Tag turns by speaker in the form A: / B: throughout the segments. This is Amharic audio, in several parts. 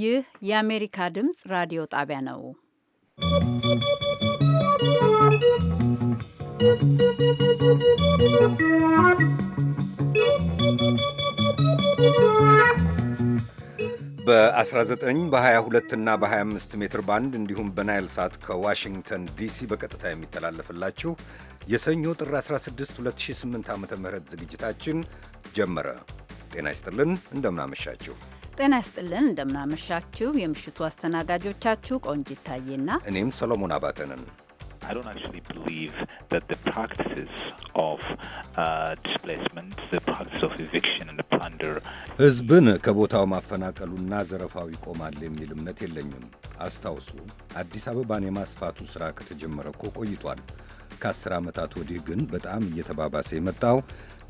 A: ይህ የአሜሪካ ድምፅ ራዲዮ ጣቢያ ነው።
B: በ19 በ22 እና በ25 ሜትር ባንድ እንዲሁም በናይል ሳት ከዋሽንግተን ዲሲ በቀጥታ የሚተላለፍላችሁ የሰኞ ጥር 16 2008 ዓ ም ዝግጅታችን ጀመረ። ጤና ይስጥልን፣ እንደምናመሻችሁ
A: ጤና ይስጥልን። እንደምናመሻችሁ። የምሽቱ አስተናጋጆቻችሁ ቆንጅ ይታየና
B: እኔም ሰሎሞን አባተ ነን። I don't actually believe that the practices of uh, displacement, the practice of eviction and the plunder ከቦታው ማፈናቀሉና ዘረፋው ይቆማል የሚል እምነት የለኝም። አስታውሱ፣ አዲስ አበባን የማስፋቱ ሥራ ከተጀመረ እኮ ቆይቷል። ከአስር ዓመታት ወዲህ ግን በጣም እየተባባሰ የመጣው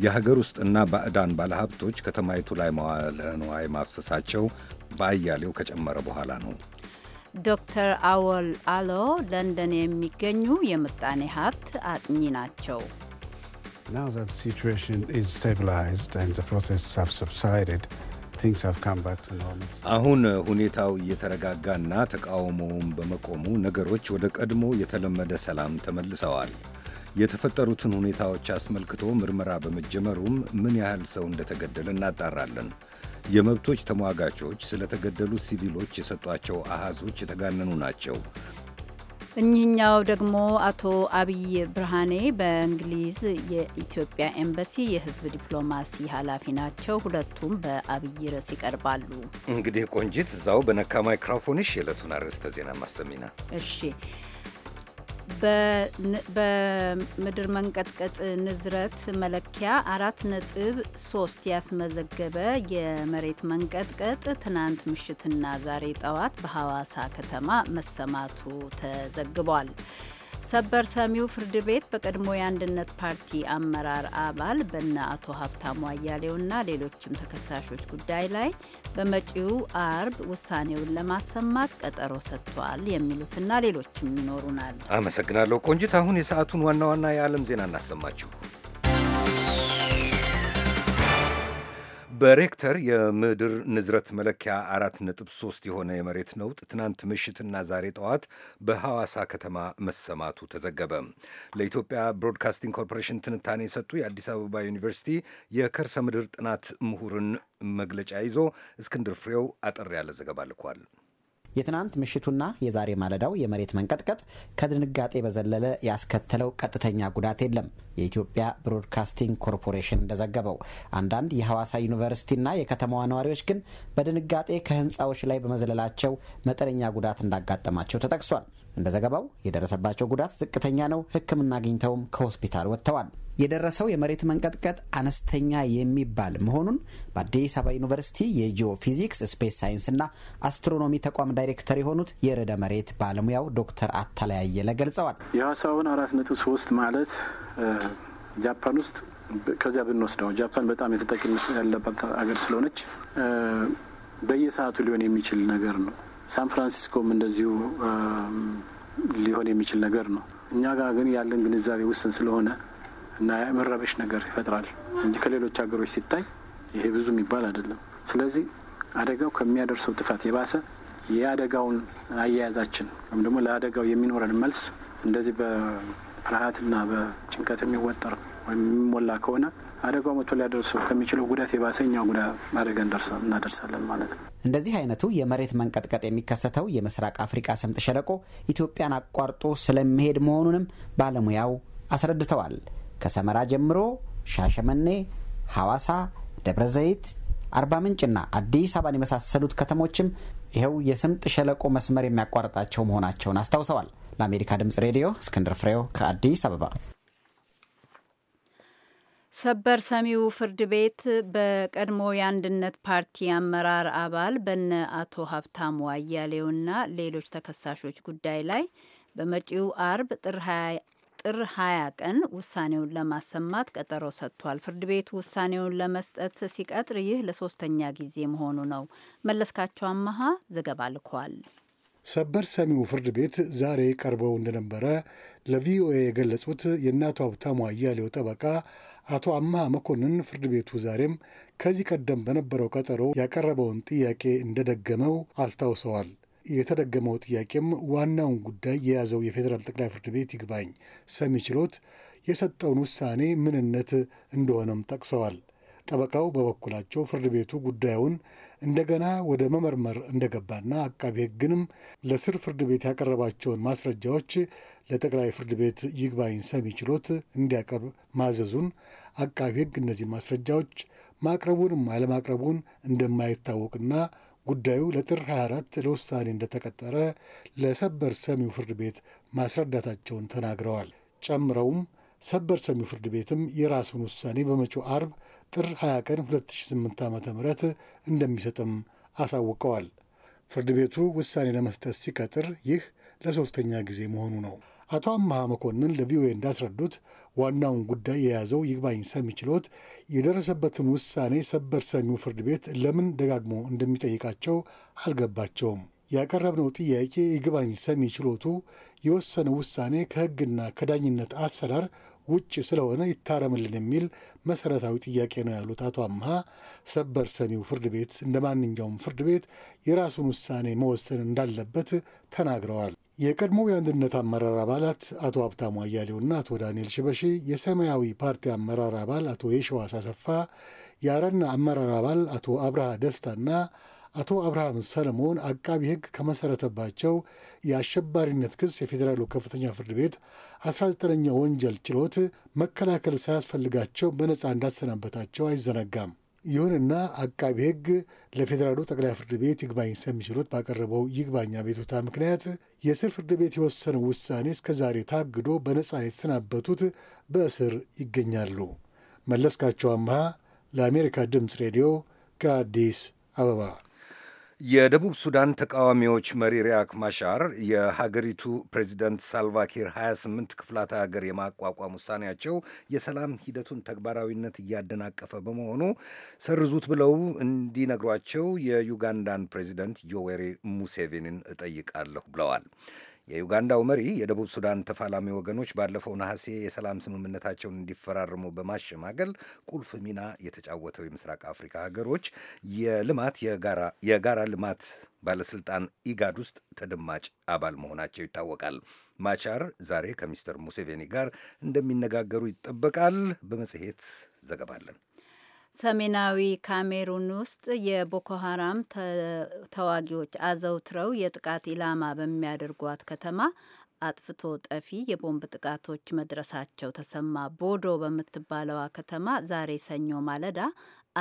B: የሀገር ውስጥና ባዕዳን ባለሀብቶች ከተማይቱ ላይ መዋለ ንዋይ ማፍሰሳቸው በአያሌው ከጨመረ በኋላ ነው።
A: ዶክተር አወል አሎ ለንደን የሚገኙ የምጣኔ ሀብት አጥኚ ናቸው።
C: Now that the situation is stabilized and the protests have subsided, አሁን
B: ሁኔታው እየተረጋጋና ተቃውሞውን በመቆሙ ነገሮች ወደ ቀድሞ የተለመደ ሰላም ተመልሰዋል። የተፈጠሩትን ሁኔታዎች አስመልክቶ ምርመራ በመጀመሩም ምን ያህል ሰው እንደተገደለ እናጣራለን። የመብቶች ተሟጋቾች ስለተገደሉ ሲቪሎች የሰጧቸው አሃዞች የተጋነኑ ናቸው።
A: እኚህኛው ደግሞ አቶ አብይ ብርሃኔ በእንግሊዝ የኢትዮጵያ ኤምባሲ የሕዝብ ዲፕሎማሲ ኃላፊ ናቸው። ሁለቱም በአብይ ርዕስ ይቀርባሉ።
B: እንግዲህ ቆንጂት፣ እዛው በነካ ማይክሮፎንሽ የዕለቱን አርዕስተ ዜና ማሰሚና።
A: እሺ በምድር መንቀጥቀጥ ንዝረት መለኪያ አራት ነጥብ ሶስት ያስመዘገበ የመሬት መንቀጥቀጥ ትናንት ምሽትና ዛሬ ጠዋት በሐዋሳ ከተማ መሰማቱ ተዘግቧል። ሰበር ሰሚው ፍርድ ቤት በቀድሞ የአንድነት ፓርቲ አመራር አባል በነ አቶ ሀብታሙ አያሌውና ሌሎችም ተከሳሾች ጉዳይ ላይ በመጪው አርብ ውሳኔውን ለማሰማት ቀጠሮ ሰጥቷል። የሚሉትና ሌሎችም ይኖሩናል።
B: አመሰግናለሁ ቆንጂት። አሁን የሰዓቱን ዋና ዋና የዓለም ዜና እናሰማችሁ። በሬክተር የምድር ንዝረት መለኪያ አራት ነጥብ ሶስት የሆነ የመሬት ነውጥ ትናንት ምሽትና ዛሬ ጠዋት በሐዋሳ ከተማ መሰማቱ ተዘገበ። ለኢትዮጵያ ብሮድካስቲንግ ኮርፖሬሽን ትንታኔ የሰጡ የአዲስ አበባ ዩኒቨርሲቲ የከርሰ ምድር ጥናት ምሁርን መግለጫ ይዞ እስክንድር ፍሬው አጠር ያለ ዘገባ ልኳል።
D: የትናንት ምሽቱና የዛሬ ማለዳው የመሬት መንቀጥቀጥ ከድንጋጤ በዘለለ ያስከተለው ቀጥተኛ ጉዳት የለም። የኢትዮጵያ ብሮድካስቲንግ ኮርፖሬሽን እንደዘገበው አንዳንድ የሐዋሳ ዩኒቨርሲቲና የከተማዋ ነዋሪዎች ግን በድንጋጤ ከህንፃዎች ላይ በመዝለላቸው መጠነኛ ጉዳት እንዳጋጠማቸው ተጠቅሷል። እንደ ዘገባው የደረሰባቸው ጉዳት ዝቅተኛ ነው። ሕክምና አግኝተውም ከሆስፒታል ወጥተዋል። የደረሰው የመሬት መንቀጥቀጥ አነስተኛ የሚባል መሆኑን በአዲስ አበባ ዩኒቨርሲቲ የጂኦ ፊዚክስ ሳይንስ እና አስትሮኖሚ ተቋም ዳይሬክተር የሆኑት የርዕደ መሬት ባለሙያው ዶክተር አታላይ አየለ ገልጸዋል።
C: የሀሳውን አራት ነጥብ ሶስት ማለት ጃፓን ውስጥ ከዚያ ብንወስደው ጃፓን በጣም የተጠቂነት ያለባት ሀገር ስለሆነች በየሰዓቱ ሊሆን የሚችል ነገር ነው። ሳን ፍራንሲስኮም እንደዚሁ ሊሆን የሚችል ነገር ነው። እኛ ጋር ግን ያለን ግንዛቤ ውስን ስለሆነ እና የመረበሽ ነገር ይፈጥራል እንጂ ከሌሎች ሀገሮች ሲታይ ይሄ ብዙ የሚባል አይደለም። ስለዚህ አደጋው ከሚያደርሰው ጥፋት የባሰ የአደጋውን አያያዛችን ወይም ደግሞ ለአደጋው የሚኖረን መልስ እንደዚህ በፍርሃትና በጭንቀት የሚወጠር ወይም የሚሞላ ከሆነ አደጋው መቶ ሊያደርሱ ከሚችለው ጉዳት የባሰ እኛ ጉዳ አደጋ እናደርሳለን ማለት ነው።
D: እንደዚህ አይነቱ የመሬት መንቀጥቀጥ የሚከሰተው የምስራቅ አፍሪቃ ስምጥ ሸለቆ ኢትዮጵያን አቋርጦ ስለሚሄድ መሆኑንም ባለሙያው አስረድተዋል። ከሰመራ ጀምሮ ሻሸመኔ፣ ሐዋሳ፣ ደብረ ዘይት፣ አርባ ምንጭና አዲስ አበባን የመሳሰሉት ከተሞችም ይኸው የስምጥ ሸለቆ መስመር የሚያቋርጣቸው መሆናቸውን አስታውሰዋል። ለአሜሪካ ድምጽ ሬዲዮ እስክንድር ፍሬው ከአዲስ አበባ።
A: ሰበር ሰሚው ፍርድ ቤት በቀድሞ የአንድነት ፓርቲ አመራር አባል በነ አቶ ሀብታሙ አያሌውና ሌሎች ተከሳሾች ጉዳይ ላይ በመጪው አርብ ጥር ጥር 20 ቀን ውሳኔውን ለማሰማት ቀጠሮ ሰጥቷል። ፍርድ ቤቱ ውሳኔውን ለመስጠት ሲቀጥር ይህ ለሶስተኛ ጊዜ መሆኑ ነው። መለስካቸው አመሃ ዘገባ ልኳል።
C: ሰበር ሰሚው ፍርድ ቤት ዛሬ ቀርበው እንደነበረ ለቪኦኤ የገለጹት የእናቱ ሀብታሙ አያሌው ጠበቃ አቶ አመሃ መኮንን ፍርድ ቤቱ ዛሬም ከዚህ ቀደም በነበረው ቀጠሮ ያቀረበውን ጥያቄ እንደደገመው አስታውሰዋል። የተደገመው ጥያቄም ዋናውን ጉዳይ የያዘው የፌዴራል ጠቅላይ ፍርድ ቤት ይግባኝ ሰሚ ችሎት የሰጠውን ውሳኔ ምንነት እንደሆነም ጠቅሰዋል። ጠበቃው በበኩላቸው ፍርድ ቤቱ ጉዳዩን እንደገና ወደ መመርመር እንደገባና አቃቢ ሕግንም ለስር ፍርድ ቤት ያቀረባቸውን ማስረጃዎች ለጠቅላይ ፍርድ ቤት ይግባኝ ሰሚ ችሎት እንዲያቀርብ ማዘዙን፣ አቃቢ ሕግ እነዚህን ማስረጃዎች ማቅረቡንም አለማቅረቡን እንደማይታወቅና ጉዳዩ ለጥር 24 ለውሳኔ እንደተቀጠረ ለሰበር ሰሚው ፍርድ ቤት ማስረዳታቸውን ተናግረዋል። ጨምረውም ሰበር ሰሚው ፍርድ ቤትም የራሱን ውሳኔ በመጪው አርብ ጥር 20 ቀን 2008 ዓ ም እንደሚሰጥም አሳውቀዋል። ፍርድ ቤቱ ውሳኔ ለመስጠት ሲቀጥር ይህ ለሶስተኛ ጊዜ መሆኑ ነው። አቶ አመሃ መኮንን ለቪኦኤ እንዳስረዱት ዋናውን ጉዳይ የያዘው ይግባኝ ሰሚ ችሎት የደረሰበትን ውሳኔ ሰበር ሰሚው ፍርድ ቤት ለምን ደጋግሞ እንደሚጠይቃቸው አልገባቸውም። ያቀረብነው ጥያቄ ይግባኝ ሰሚ ችሎቱ የወሰነው ውሳኔ ከሕግና ከዳኝነት አሰራር ውጭ ስለሆነ ይታረምልን የሚል መሰረታዊ ጥያቄ ነው ያሉት አቶ አምሃ ሰበር ሰሚው ፍርድ ቤት እንደ ማንኛውም ፍርድ ቤት የራሱን ውሳኔ መወሰን እንዳለበት ተናግረዋል። የቀድሞ የአንድነት አመራር አባላት አቶ ሀብታሙ አያሌውና አቶ ዳንኤል ሽበሺ፣ የሰማያዊ ፓርቲ አመራር አባል አቶ የሸዋስ አሰፋ፣ የአረና አመራር አባል አቶ አብርሃ ደስታና አቶ አብርሃም ሰለሞን አቃቢ ሕግ ከመሰረተባቸው የአሸባሪነት ክስ የፌዴራሉ ከፍተኛ ፍርድ ቤት 19ኛ ወንጀል ችሎት መከላከል ሳያስፈልጋቸው በነፃ እንዳሰናበታቸው አይዘነጋም። ይሁንና አቃቢ ሕግ ለፌዴራሉ ጠቅላይ ፍርድ ቤት ይግባኝ ሰሚ ችሎት ባቀረበው ይግባኝ አቤቱታ ምክንያት የስር ፍርድ ቤት የወሰነው ውሳኔ እስከዛሬ ታግዶ በነፃ የተሰናበቱት በእስር ይገኛሉ። መለስካቸው አምሃ ለአሜሪካ ድምፅ ሬዲዮ ከአዲስ አበባ
B: የደቡብ ሱዳን ተቃዋሚዎች መሪ ሪያክ ማሻር የሀገሪቱ ፕሬዚደንት ሳልቫኪር 28 ክፍላተ ሀገር የማቋቋም ውሳኔያቸው የሰላም ሂደቱን ተግባራዊነት እያደናቀፈ በመሆኑ ሰርዙት ብለው እንዲነግሯቸው የዩጋንዳን ፕሬዚደንት ዮዌሪ ሙሴቬኒን እጠይቃለሁ ብለዋል። የዩጋንዳው መሪ የደቡብ ሱዳን ተፋላሚ ወገኖች ባለፈው ነሐሴ የሰላም ስምምነታቸውን እንዲፈራርሙ በማሸማገል ቁልፍ ሚና የተጫወተው የምስራቅ አፍሪካ ሀገሮች የልማት የጋራ ልማት ባለስልጣን ኢጋድ ውስጥ ተደማጭ አባል መሆናቸው ይታወቃል። ማቻር ዛሬ ከሚስተር ሙሴቬኒ ጋር እንደሚነጋገሩ ይጠበቃል። በመጽሔት ዘገባለን።
A: ሰሜናዊ ካሜሩን ውስጥ የቦኮ ሀራም ተዋጊዎች አዘውትረው የጥቃት ኢላማ በሚያደርጓት ከተማ አጥፍቶ ጠፊ የቦምብ ጥቃቶች መድረሳቸው ተሰማ። ቦዶ በምትባለዋ ከተማ ዛሬ ሰኞ ማለዳ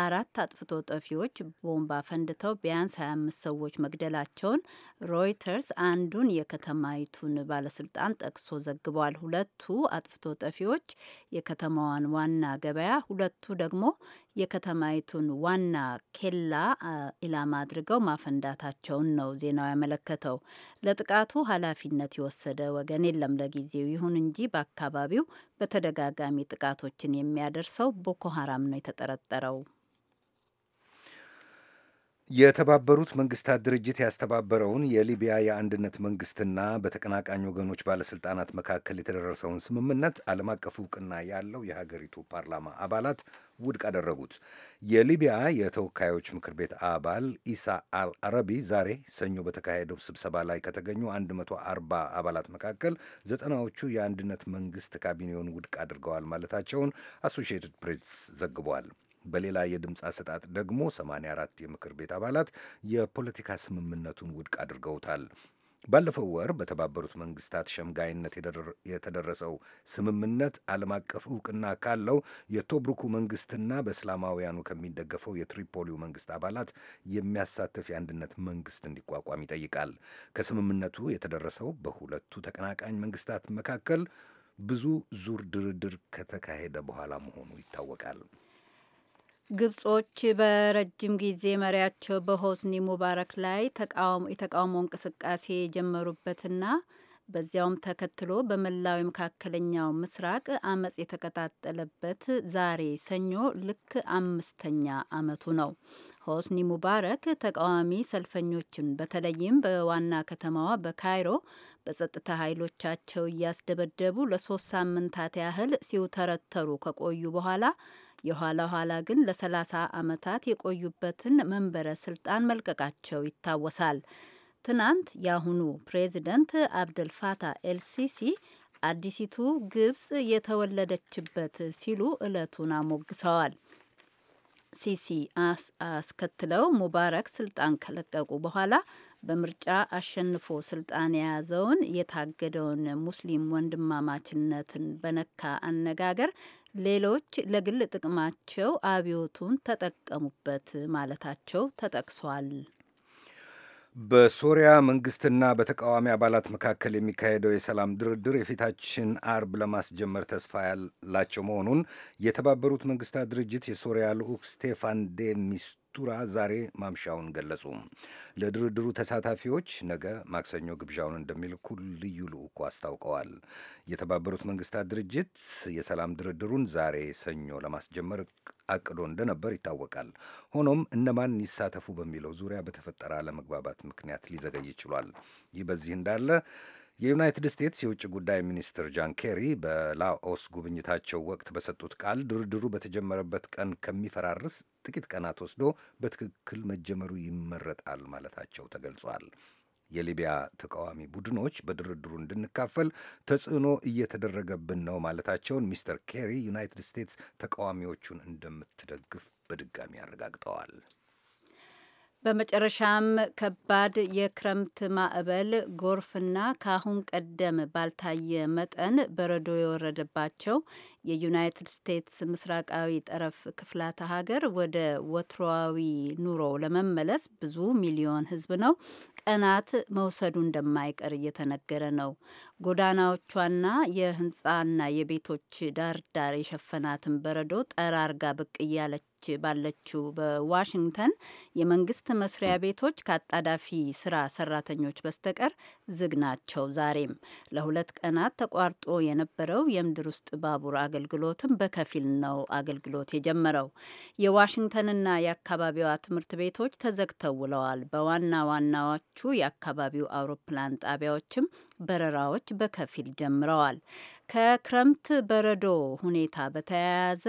A: አራት አጥፍቶ ጠፊዎች ቦምብ አፈንድተው ቢያንስ 25 ሰዎች መግደላቸውን ሮይተርስ አንዱን የከተማይቱን ባለስልጣን ጠቅሶ ዘግቧል። ሁለቱ አጥፍቶ ጠፊዎች የከተማዋን ዋና ገበያ፣ ሁለቱ ደግሞ የከተማይቱን ዋና ኬላ ኢላማ አድርገው ማፈንዳታቸውን ነው ዜናው ያመለከተው። ለጥቃቱ ኃላፊነት የወሰደ ወገን የለም ለጊዜው። ይሁን እንጂ በአካባቢው በተደጋጋሚ ጥቃቶችን የሚያደርሰው ቦኮ ሀራም ነው የተጠረጠረው።
B: የተባበሩት መንግስታት ድርጅት ያስተባበረውን የሊቢያ የአንድነት መንግስትና በተቀናቃኝ ወገኖች ባለስልጣናት መካከል የተደረሰውን ስምምነት ዓለም አቀፍ እውቅና ያለው የሀገሪቱ ፓርላማ አባላት ውድቅ አደረጉት። የሊቢያ የተወካዮች ምክር ቤት አባል ኢሳ አል አረቢ ዛሬ ሰኞ በተካሄደው ስብሰባ ላይ ከተገኙ 140 አባላት መካከል ዘጠናዎቹ የአንድነት መንግስት ካቢኔውን ውድቅ አድርገዋል ማለታቸውን አሶሺየትድ ፕሬስ ዘግቧል። በሌላ የድምፅ አሰጣጥ ደግሞ 84 የምክር ቤት አባላት የፖለቲካ ስምምነቱን ውድቅ አድርገውታል። ባለፈው ወር በተባበሩት መንግስታት ሸምጋይነት የተደረሰው ስምምነት ዓለም አቀፍ እውቅና ካለው የቶብሩኩ መንግስትና በእስላማውያኑ ከሚደገፈው የትሪፖሊው መንግስት አባላት የሚያሳትፍ የአንድነት መንግስት እንዲቋቋም ይጠይቃል። ከስምምነቱ የተደረሰው በሁለቱ ተቀናቃኝ መንግስታት መካከል ብዙ ዙር ድርድር ከተካሄደ በኋላ መሆኑ ይታወቃል።
A: ግብጾች በረጅም ጊዜ መሪያቸው በሆስኒ ሙባረክ ላይ የተቃውሞ እንቅስቃሴ የጀመሩበትና በዚያውም ተከትሎ በመላው መካከለኛው ምስራቅ አመጽ የተቀጣጠለበት ዛሬ ሰኞ ልክ አምስተኛ አመቱ ነው። ሆስኒ ሙባረክ ተቃዋሚ ሰልፈኞችን በተለይም በዋና ከተማዋ በካይሮ በጸጥታ ኃይሎቻቸው እያስደበደቡ ለሶስት ሳምንታት ያህል ሲውተረተሩ ከቆዩ በኋላ የኋላ ኋላ ግን ለ አመታት ዓመታት የቆዩበትን መንበረ ስልጣን መልቀቃቸው ይታወሳል። ትናንት የአሁኑ ፕሬዚደንት አብድልፋታ ኤልሲሲ አዲሲቱ ግብጽ የተወለደችበት ሲሉ እለቱን አሞግሰዋል። ሲሲ አስከትለው ሙባረክ ስልጣን ከለቀቁ በኋላ በምርጫ አሸንፎ ስልጣን የያዘውን የታገደውን ሙስሊም ወንድማማችነትን በነካ አነጋገር ሌሎች ለግል ጥቅማቸው አብዮቱን ተጠቀሙበት ማለታቸው ተጠቅሷል።
B: በሶሪያ መንግስትና በተቃዋሚ አባላት መካከል የሚካሄደው የሰላም ድርድር የፊታችን አርብ ለማስጀመር ተስፋ ያላቸው መሆኑን የተባበሩት መንግስታት ድርጅት የሶሪያ ልዑክ ስቴፋን ዴ ሚስቱራ ዛሬ ማምሻውን ገለጹ። ለድርድሩ ተሳታፊዎች ነገ ማክሰኞ ግብዣውን እንደሚልኩ ልዩ ልዑኩ አስታውቀዋል። የተባበሩት መንግስታት ድርጅት የሰላም ድርድሩን ዛሬ ሰኞ ለማስጀመር አቅዶ እንደነበር ይታወቃል። ሆኖም እነማን ይሳተፉ በሚለው ዙሪያ በተፈጠረ አለመግባባት ምክንያት ሊዘገይ ችሏል። ይህ በዚህ እንዳለ የዩናይትድ ስቴትስ የውጭ ጉዳይ ሚኒስትር ጃን ኬሪ በላኦስ ጉብኝታቸው ወቅት በሰጡት ቃል ድርድሩ በተጀመረበት ቀን ከሚፈራርስ ጥቂት ቀናት ወስዶ በትክክል መጀመሩ ይመረጣል ማለታቸው ተገልጿል። የሊቢያ ተቃዋሚ ቡድኖች በድርድሩ እንድንካፈል ተጽዕኖ እየተደረገብን ነው ማለታቸውን ሚስተር ኬሪ ዩናይትድ ስቴትስ ተቃዋሚዎቹን እንደምትደግፍ በድጋሚ አረጋግጠዋል።
A: በመጨረሻም ከባድ የክረምት ማዕበል ጎርፍና ከአሁን ቀደም ባልታየ መጠን በረዶ የወረደባቸው የዩናይትድ ስቴትስ ምስራቃዊ ጠረፍ ክፍላተ ሀገር ወደ ወትሮዊ ኑሮ ለመመለስ ብዙ ሚሊዮን ሕዝብ ነው ቀናት መውሰዱ እንደማይቀር እየተነገረ ነው። ጎዳናዎቿና የህንፃና የቤቶች ዳርዳር የሸፈናትን በረዶ ጠራርጋ ብቅ እያለች ባለችው በዋሽንግተን የመንግስት መስሪያ ቤቶች ከአጣዳፊ ስራ ሰራተኞች በስተቀር ዝግ ናቸው። ዛሬም ለሁለት ቀናት ተቋርጦ የነበረው የምድር ውስጥ ባቡር አገልግሎትም በከፊል ነው አገልግሎት የጀመረው። የዋሽንግተንና የአካባቢዋ ትምህርት ቤቶች ተዘግተው ውለዋል። በዋና ዋናዎቹ የአካባቢው አውሮፕላን ጣቢያዎችም በረራዎች በከፊል ጀምረዋል። ከክረምት በረዶ ሁኔታ በተያያዘ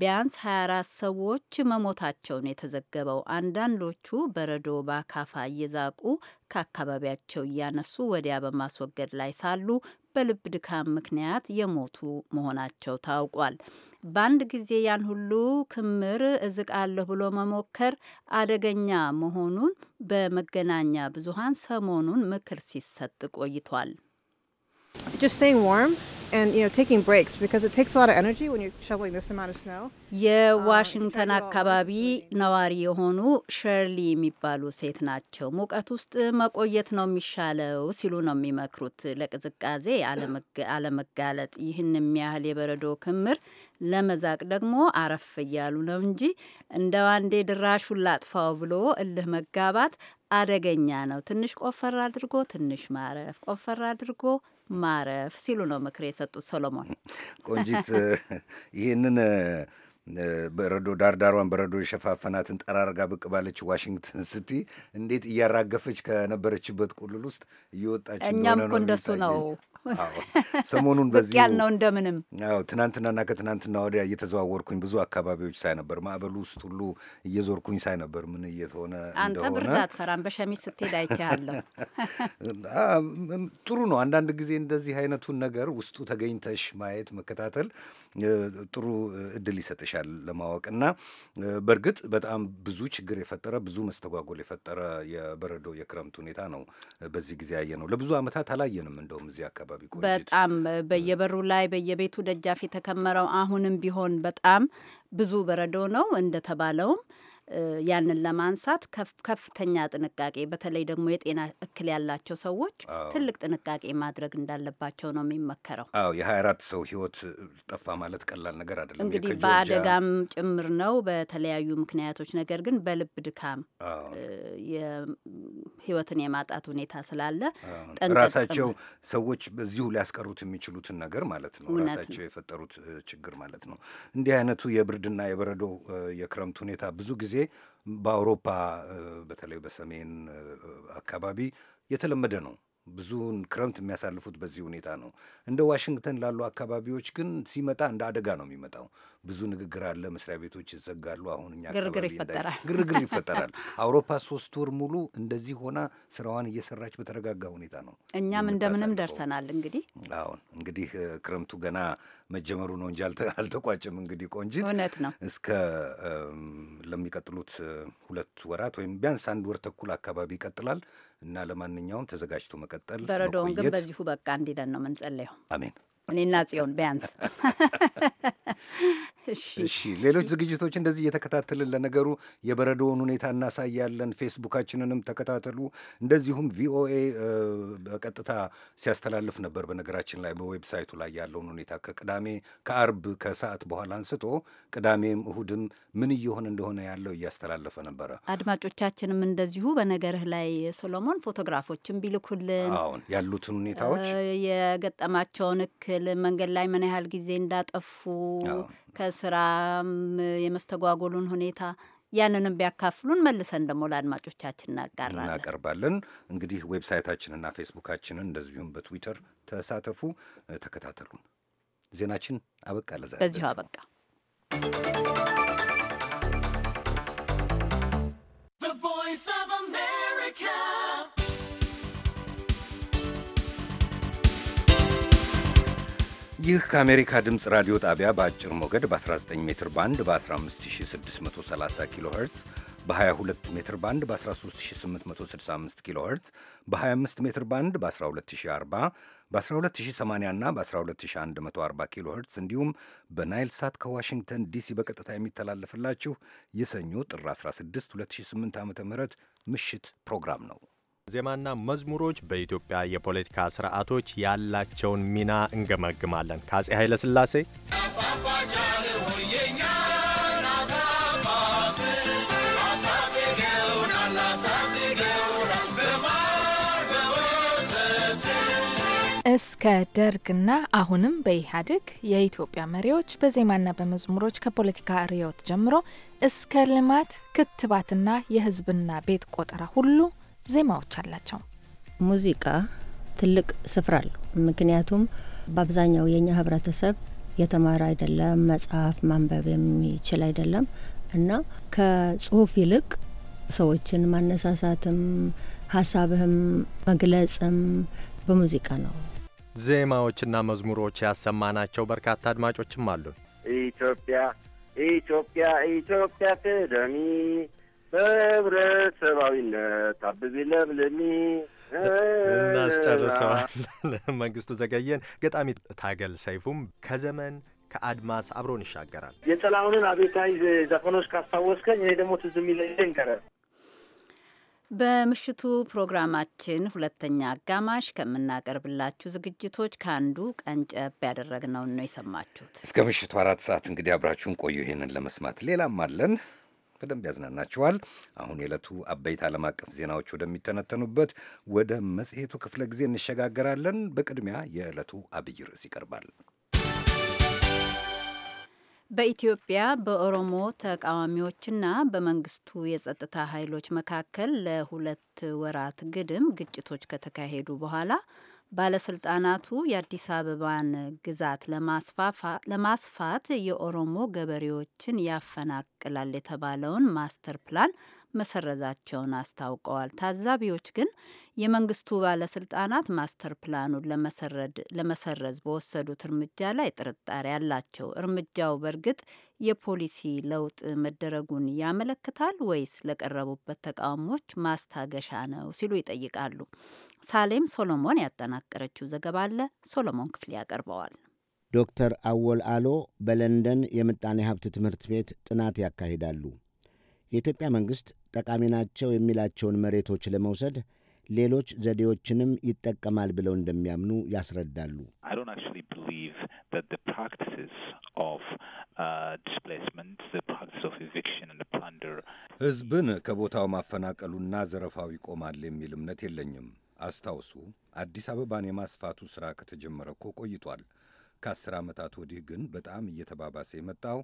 A: ቢያንስ 24 ሰዎች መሞታቸውን የተዘገበው አንዳንዶቹ በረዶ ባካፋ እየዛቁ ከአካባቢያቸው እያነሱ ወዲያ በማስወገድ ላይ ሳሉ በልብ ድካም ምክንያት የሞቱ መሆናቸው ታውቋል። በአንድ ጊዜ ያን ሁሉ ክምር እዝቃለሁ ብሎ መሞከር አደገኛ መሆኑን በመገናኛ ብዙኃን ሰሞኑን ምክር ሲሰጥ ቆይቷል።
D: የዋሽንግተን
A: አካባቢ um, ነዋሪ የሆኑ ሸርሊ የሚባሉ ሴት ናቸው። ሙቀት ውስጥ መቆየት ነው የሚሻለው ሲሉ ነው የሚመክሩት፣ ለቅዝቃዜ አለመጋለጥ። ይህን የሚያህል የበረዶ ክምር ለመዛቅ ደግሞ አረፍ እያሉ ነው እንጂ እንደ ዋንዴ ድራሹን ላጥፋው ብሎ እልህ መጋባት አደገኛ ነው። ትንሽ ቆፈር አድርጎ ትንሽ ማረፍ፣ ቆፈር አድርጎ ማረፍ ሲሉ ነው ምክር
B: የሰጡት ሶሎሞን ቆንጂት ይህንን በረዶ ዳርዳሯን በረዶ የሸፋፈናትን ጠራርጋ ብቅ ባለች ዋሽንግተን ሲቲ እንዴት እያራገፈች ከነበረችበት ቁልል ውስጥ እየወጣች እኛም እኮ እንደሱ ነው።
A: ሰሞኑን በዚህ ነው እንደምንም
B: አዎ፣ ትናንትናና ከትናንትና ወዲያ እየተዘዋወርኩኝ ብዙ አካባቢዎች ሳይ ነበር። ማዕበሉ ውስጥ ሁሉ እየዞርኩኝ ሳይ ነበር ምን እየተሆነ አንተ ብርድ
A: አትፈራም? በሸሚዝ ስትሄድ አይቻለሁ።
B: ጥሩ ነው። አንዳንድ ጊዜ እንደዚህ አይነቱን ነገር ውስጡ ተገኝተሽ ማየት መከታተል ጥሩ እድል ይሰጥሻል ለማወቅ እና በእርግጥ በጣም ብዙ ችግር የፈጠረ ብዙ መስተጓጎል የፈጠረ የበረዶ የክረምት ሁኔታ ነው በዚህ ጊዜ ያየ ነው። ለብዙ ዓመታት አላየንም። እንደውም እዚህ አካባቢ
A: በጣም በየበሩ ላይ በየቤቱ ደጃፍ የተከመረው አሁንም ቢሆን በጣም ብዙ በረዶ ነው እንደተባለውም ያንን ለማንሳት ከፍተኛ ጥንቃቄ በተለይ ደግሞ የጤና እክል ያላቸው ሰዎች ትልቅ ጥንቃቄ ማድረግ እንዳለባቸው ነው የሚመከረው።
B: አዎ የ24 ሰው ህይወት ጠፋ ማለት ቀላል ነገር አይደለም። እንግዲህ በአደጋም
A: ጭምር ነው በተለያዩ ምክንያቶች። ነገር ግን በልብ ድካም ህይወትን የማጣት ሁኔታ ስላለ ራሳቸው
B: ሰዎች በዚሁ ሊያስቀሩት የሚችሉትን ነገር ማለት ነው፣ ራሳቸው የፈጠሩት ችግር ማለት ነው። እንዲህ አይነቱ የብርድና የበረዶ የክረምት ሁኔታ ብዙ ጊዜ በአውሮፓ በተለይ በሰሜን አካባቢ የተለመደ ነው። ብዙውን ክረምት የሚያሳልፉት በዚህ ሁኔታ ነው። እንደ ዋሽንግተን ላሉ አካባቢዎች ግን ሲመጣ እንደ አደጋ ነው የሚመጣው። ብዙ ንግግር አለ፣ መስሪያ ቤቶች ይዘጋሉ። አሁን እኛ ግርግር ይፈጠራል፣ ግርግር ይፈጠራል። አውሮፓ ሶስት ወር ሙሉ እንደዚህ ሆና ስራዋን እየሰራች በተረጋጋ ሁኔታ ነው። እኛም እንደምንም ደርሰናል። እንግዲህ አሁን እንግዲህ ክረምቱ ገና መጀመሩ ነው እንጂ አልተቋጭም። እንግዲህ ቆንጂት፣ እውነት ነው እስከ ለሚቀጥሉት ሁለት ወራት ወይም ቢያንስ አንድ ወር ተኩል አካባቢ ይቀጥላል። እና ለማንኛውም ተዘጋጅቶ መቀጠል በረዶውን ግን በዚሁ
A: በቃ እንዲለን ነው ምንጸለየው። አሜን። እኔና ጽዮን ቢያንስ እሺ፣
B: ሌሎች ዝግጅቶች እንደዚህ እየተከታተልን ለነገሩ የበረዶውን ሁኔታ እናሳያለን። ፌስቡካችንንም ተከታተሉ። እንደዚሁም ቪኦኤ በቀጥታ ሲያስተላልፍ ነበር። በነገራችን ላይ በዌብሳይቱ ላይ ያለውን ሁኔታ ከቅዳሜ ከአርብ ከሰዓት በኋላ አንስቶ ቅዳሜም እሁድም ምን እየሆነ እንደሆነ ያለው እያስተላለፈ ነበረ።
A: አድማጮቻችንም እንደዚሁ በነገርህ ላይ ሶሎሞን ፎቶግራፎችን ቢልኩልን አሁን
B: ያሉትን ሁኔታዎች
A: የገጠማቸውን እክል መንገድ ላይ ምን ያህል ጊዜ እንዳጠፉ ከስራም የመስተጓጎሉን ሁኔታ ያንንም ቢያካፍሉን መልሰን ደግሞ ለአድማጮቻችን እናጋራለን
B: እናቀርባለን። እንግዲህ ዌብሳይታችንና ፌስቡካችንን እንደዚሁም በትዊተር ተሳተፉ፣ ተከታተሉን። ዜናችን አበቃ። ለዛ በዚሁ አበቃ። ይህ ከአሜሪካ ድምፅ ራዲዮ ጣቢያ በአጭር ሞገድ በ19 ሜትር ባንድ በ15630 ኪሎ ኸርትዝ በ22 ሜትር ባንድ በ13865 ኪሎ ኸርትዝ በ25 ሜትር ባንድ በ 1240 በ12080 እና በ12140 ኪሎ ኸርትዝ እንዲሁም በናይል ሳት ከዋሽንግተን ዲሲ በቀጥታ የሚተላለፍላችሁ የሰኞ ጥር 16 2008 ዓ ም ምሽት ፕሮግራም ነው።
E: ዜማና መዝሙሮች በኢትዮጵያ የፖለቲካ ስርዓቶች ያላቸውን ሚና እንገመግማለን። ከአጼ ኃይለሥላሴ
F: እስከ ደርግና አሁንም በኢህአዴግ የኢትዮጵያ መሪዎች በዜማና በመዝሙሮች ከፖለቲካ ርዕዮት ጀምሮ እስከ ልማት ክትባትና የሕዝብና ቤት ቆጠራ ሁሉ ዜማዎች አላቸው።
G: ሙዚቃ ትልቅ ስፍራ አለው። ምክንያቱም በአብዛኛው የእኛ ህብረተሰብ የተማረ አይደለም፣ መጽሐፍ ማንበብ የሚችል አይደለም እና ከጽሁፍ ይልቅ ሰዎችን ማነሳሳትም ሀሳብህም መግለጽም በሙዚቃ ነው።
E: ዜማዎችና መዝሙሮች ያሰማናቸው በርካታ አድማጮችም አሉን።
H: ኢትዮጵያ ኢትዮጵያ ኢትዮጵያ ቅደሚ ህብረት አብቢ ለምልሚ እናስጨርሰዋለን።
E: መንግስቱ ዘገየን፣ ገጣሚ ታገል ሰይፉም ከዘመን ከአድማስ አብሮን ይሻገራል።
H: የጥላሁንን አቤታይ ዘፈኖች ካስታወስከኝ እኔ ደግሞ ትዝ የሚለኝ ቀረ።
A: በምሽቱ ፕሮግራማችን ሁለተኛ አጋማሽ ከምናቀርብላችሁ ዝግጅቶች ከአንዱ ቀንጨብ ያደረግነውን ነው የሰማችሁት።
B: እስከ ምሽቱ አራት ሰዓት እንግዲህ አብራችሁን ቆዩ። ይህንን ለመስማት ሌላም አለን። በደንብ ያዝናናችኋል። አሁን የዕለቱ አበይት ዓለም አቀፍ ዜናዎች ወደሚተነተኑበት ወደ መጽሔቱ ክፍለ ጊዜ እንሸጋገራለን። በቅድሚያ የዕለቱ አብይ ርዕስ ይቀርባል።
A: በኢትዮጵያ በኦሮሞ ተቃዋሚዎችና በመንግስቱ የጸጥታ ኃይሎች መካከል ለሁለት ወራት ግድም ግጭቶች ከተካሄዱ በኋላ ባለስልጣናቱ የአዲስ አበባን ግዛት ለማስፋት የኦሮሞ ገበሬዎችን ያፈናቅላል የተባለውን ማስተር ፕላን መሰረዛቸውን አስታውቀዋል። ታዛቢዎች ግን የመንግስቱ ባለስልጣናት ማስተር ፕላኑን ለመሰረዝ በወሰዱት እርምጃ ላይ ጥርጣሬ አላቸው። እርምጃው በእርግጥ የፖሊሲ ለውጥ መደረጉን ያመለክታል ወይስ ለቀረቡበት ተቃውሞች ማስታገሻ ነው ሲሉ ይጠይቃሉ። ሳሌም ሶሎሞን ያጠናቀረችው ዘገባ አለ። ሶሎሞን ክፍሌ ያቀርበዋል።
I: ዶክተር አወል አሎ በለንደን የምጣኔ ሀብት ትምህርት ቤት ጥናት ያካሂዳሉ። የኢትዮጵያ መንግሥት ጠቃሚ ናቸው የሚላቸውን መሬቶች ለመውሰድ ሌሎች ዘዴዎችንም ይጠቀማል ብለው እንደሚያምኑ ያስረዳሉ።
B: ሕዝብን uh, ከቦታው ማፈናቀሉና ዘረፋው ይቆማል የሚል እምነት የለኝም። አስታውሱ አዲስ አበባን የማስፋቱ ሥራ ከተጀመረ እኮ ቆይቷል። ከአስር ዓመታት ወዲህ ግን በጣም እየተባባሰ የመጣው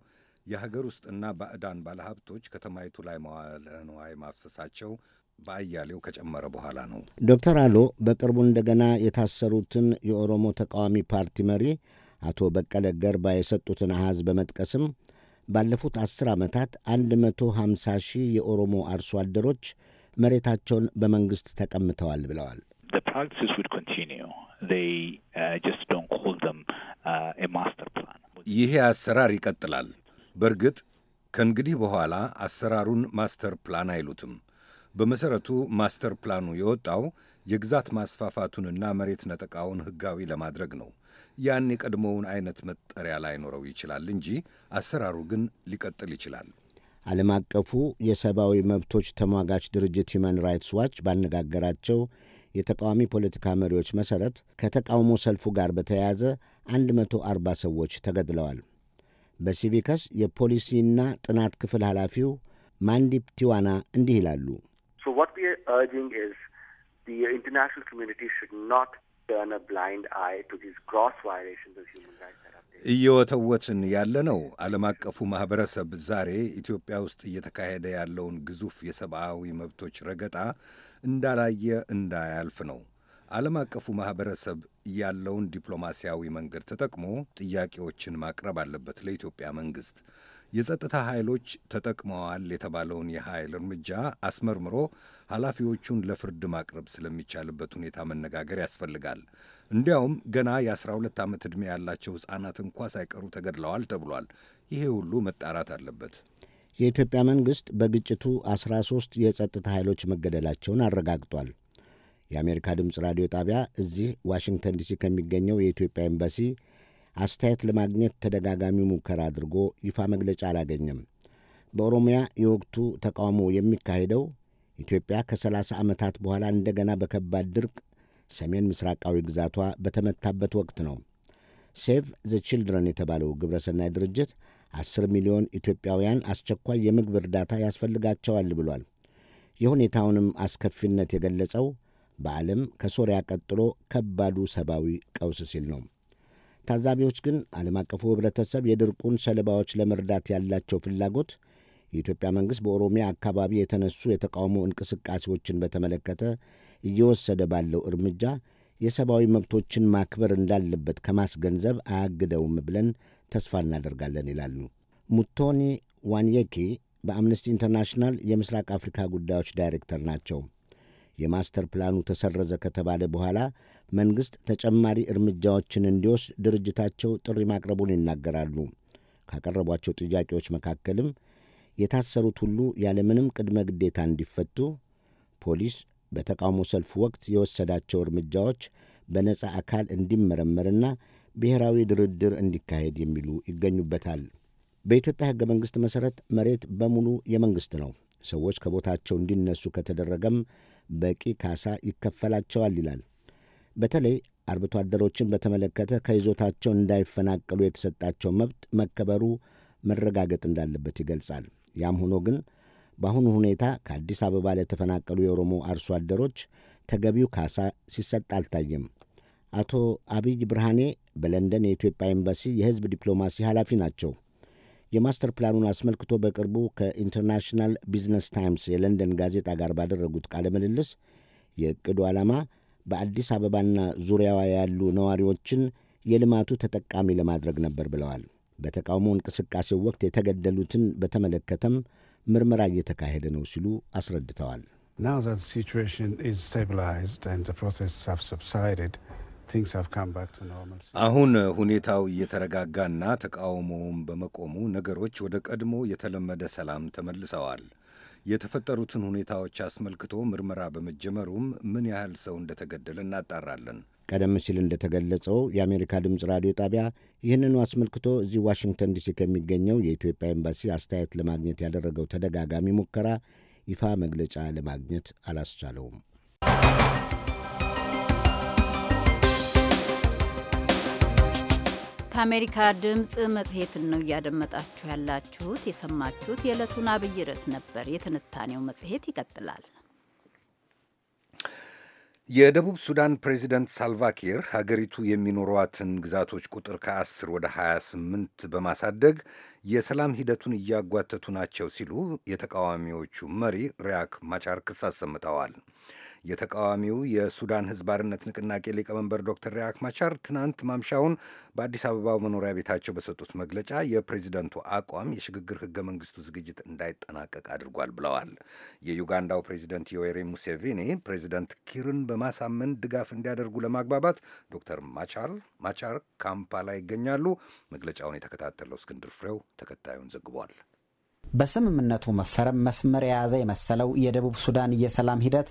B: የሀገር ውስጥና ባዕዳን ባለሀብቶች ከተማይቱ ላይ መዋለ ንዋይ ማፍሰሳቸው በአያሌው ከጨመረ በኋላ ነው።
I: ዶክተር አሎ በቅርቡ እንደገና የታሰሩትን የኦሮሞ ተቃዋሚ ፓርቲ መሪ አቶ በቀለ ገርባ የሰጡትን አሃዝ በመጥቀስም ባለፉት አስር ዓመታት 150 ሺህ የኦሮሞ አርሶ አደሮች መሬታቸውን በመንግስት ተቀምተዋል ብለዋል።
B: uh, uh, ይሄ አሰራር ይቀጥላል። በእርግጥ ከእንግዲህ በኋላ አሰራሩን ማስተር ፕላን አይሉትም። በመሠረቱ ማስተር ፕላኑ የወጣው የግዛት ማስፋፋቱንና መሬት ነጠቃውን ሕጋዊ ለማድረግ ነው። ያን የቀድሞውን አይነት መጠሪያ ላይኖረው ይችላል እንጂ አሰራሩ ግን ሊቀጥል ይችላል።
I: ዓለም አቀፉ የሰብአዊ መብቶች ተሟጋች ድርጅት ሁማን ራይትስ ዋች ባነጋገራቸው የተቃዋሚ ፖለቲካ መሪዎች መሠረት ከተቃውሞ ሰልፉ ጋር በተያያዘ 140 ሰዎች ተገድለዋል። በሲቪከስ የፖሊሲና ጥናት ክፍል ኃላፊው ማንዲፕ ቲዋና እንዲህ ይላሉ።
B: እየወተወትን ያለነው ዓለም አቀፉ ማህበረሰብ ዛሬ ኢትዮጵያ ውስጥ እየተካሄደ ያለውን ግዙፍ የሰብአዊ መብቶች ረገጣ እንዳላየ እንዳያልፍ ነው። ዓለም አቀፉ ማህበረሰብ ያለውን ዲፕሎማሲያዊ መንገድ ተጠቅሞ ጥያቄዎችን ማቅረብ አለበት ለኢትዮጵያ መንግሥት። የጸጥታ ኃይሎች ተጠቅመዋል የተባለውን የኃይል እርምጃ አስመርምሮ ኃላፊዎቹን ለፍርድ ማቅረብ ስለሚቻልበት ሁኔታ መነጋገር ያስፈልጋል። እንዲያውም ገና የ12 ዓመት ዕድሜ ያላቸው ሕፃናት እንኳ ሳይቀሩ ተገድለዋል ተብሏል። ይሄ ሁሉ መጣራት አለበት።
I: የኢትዮጵያ መንግሥት በግጭቱ 13 የጸጥታ ኃይሎች መገደላቸውን አረጋግጧል። የአሜሪካ ድምፅ ራዲዮ ጣቢያ እዚህ ዋሽንግተን ዲሲ ከሚገኘው የኢትዮጵያ ኤምባሲ አስተያየት ለማግኘት ተደጋጋሚ ሙከራ አድርጎ ይፋ መግለጫ አላገኘም። በኦሮሚያ የወቅቱ ተቃውሞ የሚካሄደው ኢትዮጵያ ከ30 ዓመታት በኋላ እንደገና በከባድ ድርቅ ሰሜን ምስራቃዊ ግዛቷ በተመታበት ወቅት ነው። ሴቭ ዘ ቺልድረን የተባለው ግብረሰናይ ድርጅት 10 ሚሊዮን ኢትዮጵያውያን አስቸኳይ የምግብ እርዳታ ያስፈልጋቸዋል ብሏል። የሁኔታውንም አስከፊነት የገለጸው በዓለም ከሶሪያ ቀጥሎ ከባዱ ሰብአዊ ቀውስ ሲል ነው። ታዛቢዎች ግን ዓለም አቀፉ ኅብረተሰብ የድርቁን ሰለባዎች ለመርዳት ያላቸው ፍላጎት የኢትዮጵያ መንግሥት በኦሮሚያ አካባቢ የተነሱ የተቃውሞ እንቅስቃሴዎችን በተመለከተ እየወሰደ ባለው እርምጃ የሰብአዊ መብቶችን ማክበር እንዳለበት ከማስገንዘብ አያግደውም ብለን ተስፋ እናደርጋለን ይላሉ። ሙቶኒ ዋንየኪ በአምነስቲ ኢንተርናሽናል የምስራቅ አፍሪካ ጉዳዮች ዳይሬክተር ናቸው። የማስተር ፕላኑ ተሰረዘ ከተባለ በኋላ መንግሥት ተጨማሪ እርምጃዎችን እንዲወስድ ድርጅታቸው ጥሪ ማቅረቡን ይናገራሉ። ካቀረቧቸው ጥያቄዎች መካከልም የታሰሩት ሁሉ ያለምንም ቅድመ ግዴታ እንዲፈቱ፣ ፖሊስ በተቃውሞ ሰልፍ ወቅት የወሰዳቸው እርምጃዎች በነጻ አካል እንዲመረመርና ብሔራዊ ድርድር እንዲካሄድ የሚሉ ይገኙበታል። በኢትዮጵያ ሕገ መንግሥት መሠረት መሬት በሙሉ የመንግሥት ነው። ሰዎች ከቦታቸው እንዲነሱ ከተደረገም በቂ ካሳ ይከፈላቸዋል ይላል። በተለይ አርብቶ አደሮችን በተመለከተ ከይዞታቸው እንዳይፈናቀሉ የተሰጣቸው መብት መከበሩ መረጋገጥ እንዳለበት ይገልጻል። ያም ሆኖ ግን በአሁኑ ሁኔታ ከአዲስ አበባ ለተፈናቀሉ የኦሮሞ አርሶ አደሮች ተገቢው ካሳ ሲሰጥ አልታየም። አቶ አብይ ብርሃኔ በለንደን የኢትዮጵያ ኤምባሲ የሕዝብ ዲፕሎማሲ ኃላፊ ናቸው። የማስተር ፕላኑን አስመልክቶ በቅርቡ ከኢንተርናሽናል ቢዝነስ ታይምስ የለንደን ጋዜጣ ጋር ባደረጉት ቃለ ምልልስ የእቅዱ ዓላማ በአዲስ አበባና ዙሪያዋ ያሉ ነዋሪዎችን የልማቱ ተጠቃሚ ለማድረግ ነበር ብለዋል። በተቃውሞ እንቅስቃሴው ወቅት የተገደሉትን በተመለከተም ምርመራ እየተካሄደ ነው ሲሉ አስረድተዋል። አሁን ሁኔታው
B: እየተረጋጋና ተቃውሞውም በመቆሙ ነገሮች ወደ ቀድሞ የተለመደ ሰላም ተመልሰዋል። የተፈጠሩትን ሁኔታዎች አስመልክቶ ምርመራ በመጀመሩም ምን ያህል ሰው እንደተገደለ እናጣራለን።
I: ቀደም ሲል እንደተገለጸው የአሜሪካ ድምፅ ራዲዮ ጣቢያ ይህንኑ አስመልክቶ እዚህ ዋሽንግተን ዲሲ ከሚገኘው የኢትዮጵያ ኤምባሲ አስተያየት ለማግኘት ያደረገው ተደጋጋሚ ሙከራ ይፋ መግለጫ ለማግኘት አላስቻለውም።
A: ከአሜሪካ ድምፅ መጽሔትን ነው እያደመጣችሁ ያላችሁት። የሰማችሁት የዕለቱን አብይ ርዕስ ነበር። የትንታኔው መጽሔት ይቀጥላል።
B: የደቡብ ሱዳን ፕሬዚደንት ሳልቫኪር ሀገሪቱ የሚኖሯትን ግዛቶች ቁጥር ከ10 ወደ 28 በማሳደግ የሰላም ሂደቱን እያጓተቱ ናቸው ሲሉ የተቃዋሚዎቹ መሪ ሪያክ ማቻር ክስ አሰምተዋል። የተቃዋሚው የሱዳን ህዝብ አርነት ንቅናቄ ሊቀመንበር ዶክተር ሪያክ ማቻር ትናንት ማምሻውን በአዲስ አበባው መኖሪያ ቤታቸው በሰጡት መግለጫ የፕሬዚደንቱ አቋም የሽግግር ህገ መንግስቱ ዝግጅት እንዳይጠናቀቅ አድርጓል ብለዋል። የዩጋንዳው ፕሬዚደንት ዮዌሪ ሙሴቬኒ ፕሬዚደንት ኪርን በማሳመን ድጋፍ እንዲያደርጉ ለማግባባት ዶክተር ማቻር ማቻር ካምፓላ ይገኛሉ። መግለጫውን የተከታተለው እስክንድር ፍሬው ተከታዩን ዘግቧል።
D: በስምምነቱ መፈረም መስመር የያዘ የመሰለው የደቡብ ሱዳን የሰላም ሂደት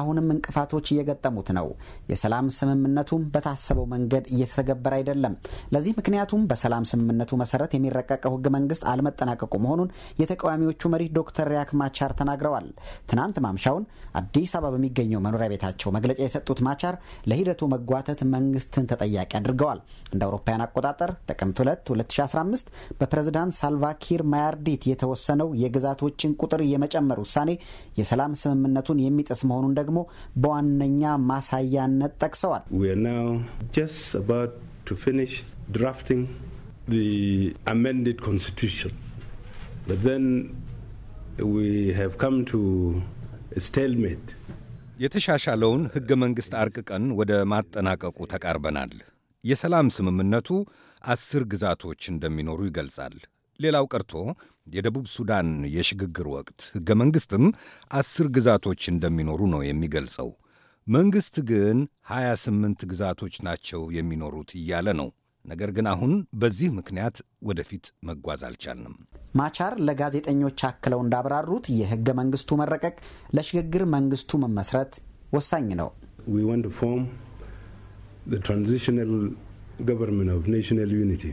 D: አሁንም እንቅፋቶች እየገጠሙት ነው። የሰላም ስምምነቱም በታሰበው መንገድ እየተተገበረ አይደለም። ለዚህ ምክንያቱም በሰላም ስምምነቱ መሰረት የሚረቀቀው ህገ መንግስት አለመጠናቀቁ መሆኑን የተቃዋሚዎቹ መሪ ዶክተር ሪያክ ማቻር ተናግረዋል። ትናንት ማምሻውን አዲስ አበባ በሚገኘው መኖሪያ ቤታቸው መግለጫ የሰጡት ማቻር ለሂደቱ መጓተት መንግስትን ተጠያቂ አድርገዋል። እንደ አውሮፓውያን አቆጣጠር ጥቅምት 2 2015 በፕሬዝዳንት ሳልቫኪር ማያርዲት የተወ የተወሰነው የግዛቶችን ቁጥር የመጨመር ውሳኔ የሰላም ስምምነቱን የሚጥስ መሆኑን ደግሞ በዋነኛ ማሳያነት ጠቅሰዋል።
B: የተሻሻለውን ሕገ መንግሥት አርቅቀን ወደ ማጠናቀቁ ተቃርበናል። የሰላም ስምምነቱ አስር ግዛቶች እንደሚኖሩ ይገልጻል። ሌላው ቀርቶ የደቡብ ሱዳን የሽግግር ወቅት ሕገ መንግሥትም አስር ግዛቶች እንደሚኖሩ ነው የሚገልጸው። መንግሥት ግን 28 ግዛቶች ናቸው የሚኖሩት እያለ ነው። ነገር ግን አሁን በዚህ ምክንያት ወደፊት መጓዝ አልቻልንም።
D: ማቻር ለጋዜጠኞች አክለው እንዳብራሩት የሕገ መንግሥቱ መረቀቅ ለሽግግር መንግሥቱ መመስረት ወሳኝ ነው። ትራንዚሽናል ገቨርንመንት ኦፍ ናሽናል
B: ዩኒቲ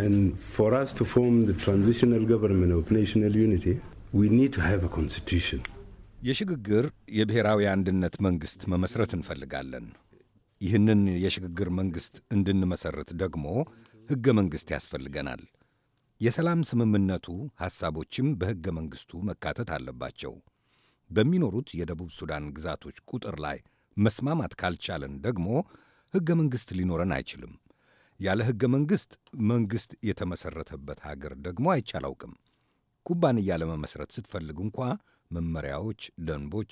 B: And for us to form the transitional government of national unity, we need to have a constitution. የሽግግር የብሔራዊ አንድነት መንግስት መመስረት እንፈልጋለን። ይህንን የሽግግር መንግስት እንድንመሰርት ደግሞ ሕገ መንግሥት ያስፈልገናል። የሰላም ስምምነቱ ሐሳቦችም በሕገ መንግሥቱ መካተት አለባቸው። በሚኖሩት የደቡብ ሱዳን ግዛቶች ቁጥር ላይ መስማማት ካልቻለን ደግሞ ሕገ መንግሥት ሊኖረን አይችልም። ያለ ሕገ መንግሥት መንግሥት የተመሠረተበት ሀገር ደግሞ አይቻላውቅም ኩባንያ ለመመስረት ስትፈልግ እንኳ መመሪያዎች፣ ደንቦች፣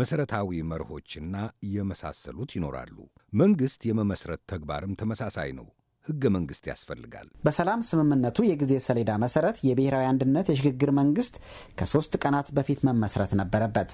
B: መሠረታዊ መርሆችና የመሳሰሉት ይኖራሉ። መንግሥት የመመስረት ተግባርም ተመሳሳይ ነው። ሕገ መንግሥት
D: ያስፈልጋል። በሰላም ስምምነቱ የጊዜ ሰሌዳ መሠረት የብሔራዊ አንድነት የሽግግር መንግሥት ከሦስት ቀናት በፊት መመስረት ነበረበት።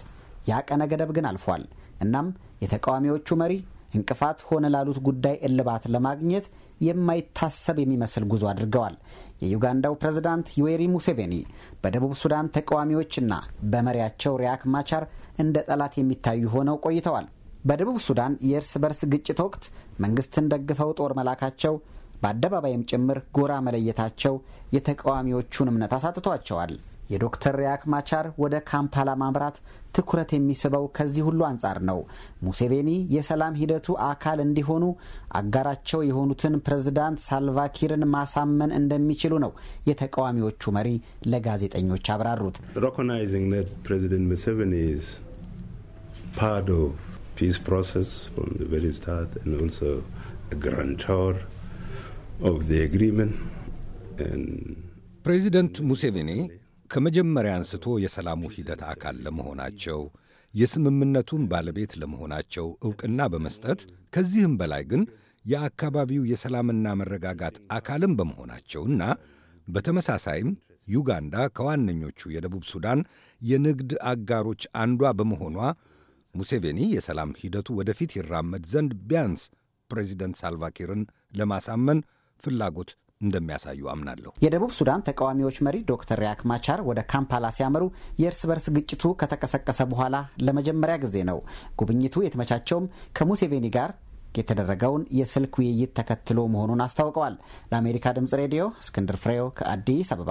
D: ያ ቀነ ገደብ ግን አልፏል። እናም የተቃዋሚዎቹ መሪ እንቅፋት ሆነ ላሉት ጉዳይ እልባት ለማግኘት የማይታሰብ የሚመስል ጉዞ አድርገዋል። የዩጋንዳው ፕሬዝዳንት ዩዌሪ ሙሴቬኒ በደቡብ ሱዳን ተቃዋሚዎችና በመሪያቸው ሪያክ ማቻር እንደ ጠላት የሚታዩ ሆነው ቆይተዋል። በደቡብ ሱዳን የእርስ በርስ ግጭት ወቅት መንግስትን ደግፈው ጦር መላካቸው፣ በአደባባይም ጭምር ጎራ መለየታቸው የተቃዋሚዎቹን እምነት አሳጥቷቸዋል። የዶክተር ሪያክ ማቻር ወደ ካምፓላ ማምራት ትኩረት የሚስበው ከዚህ ሁሉ አንጻር ነው። ሙሴቬኒ የሰላም ሂደቱ አካል እንዲሆኑ አጋራቸው የሆኑትን ፕሬዝዳንት ሳልቫኪርን ማሳመን እንደሚችሉ ነው የተቃዋሚዎቹ መሪ ለጋዜጠኞች አብራሩት።
B: ፕሬዚደንት ሙሴቬኒ ከመጀመሪያ አንስቶ የሰላሙ ሂደት አካል ለመሆናቸው የስምምነቱን ባለቤት ለመሆናቸው ዕውቅና በመስጠት ከዚህም በላይ ግን የአካባቢው የሰላምና መረጋጋት አካልም በመሆናቸውና በተመሳሳይም ዩጋንዳ ከዋነኞቹ የደቡብ ሱዳን የንግድ አጋሮች አንዷ በመሆኗ ሙሴቬኒ የሰላም ሂደቱ ወደፊት ይራመድ ዘንድ ቢያንስ ፕሬዚደንት ሳልቫኪርን ለማሳመን ፍላጎት እንደሚያሳዩ አምናለሁ።
D: የደቡብ ሱዳን ተቃዋሚዎች መሪ ዶክተር ሪያክ ማቻር ወደ ካምፓላ ሲያመሩ የእርስ በርስ ግጭቱ ከተቀሰቀሰ በኋላ ለመጀመሪያ ጊዜ ነው። ጉብኝቱ የተመቻቸውም ከሙሴቬኒ ጋር የተደረገውን የስልክ ውይይት ተከትሎ መሆኑን አስታውቀዋል። ለአሜሪካ ድምጽ ሬዲዮ እስክንድር ፍሬው ከአዲስ አበባ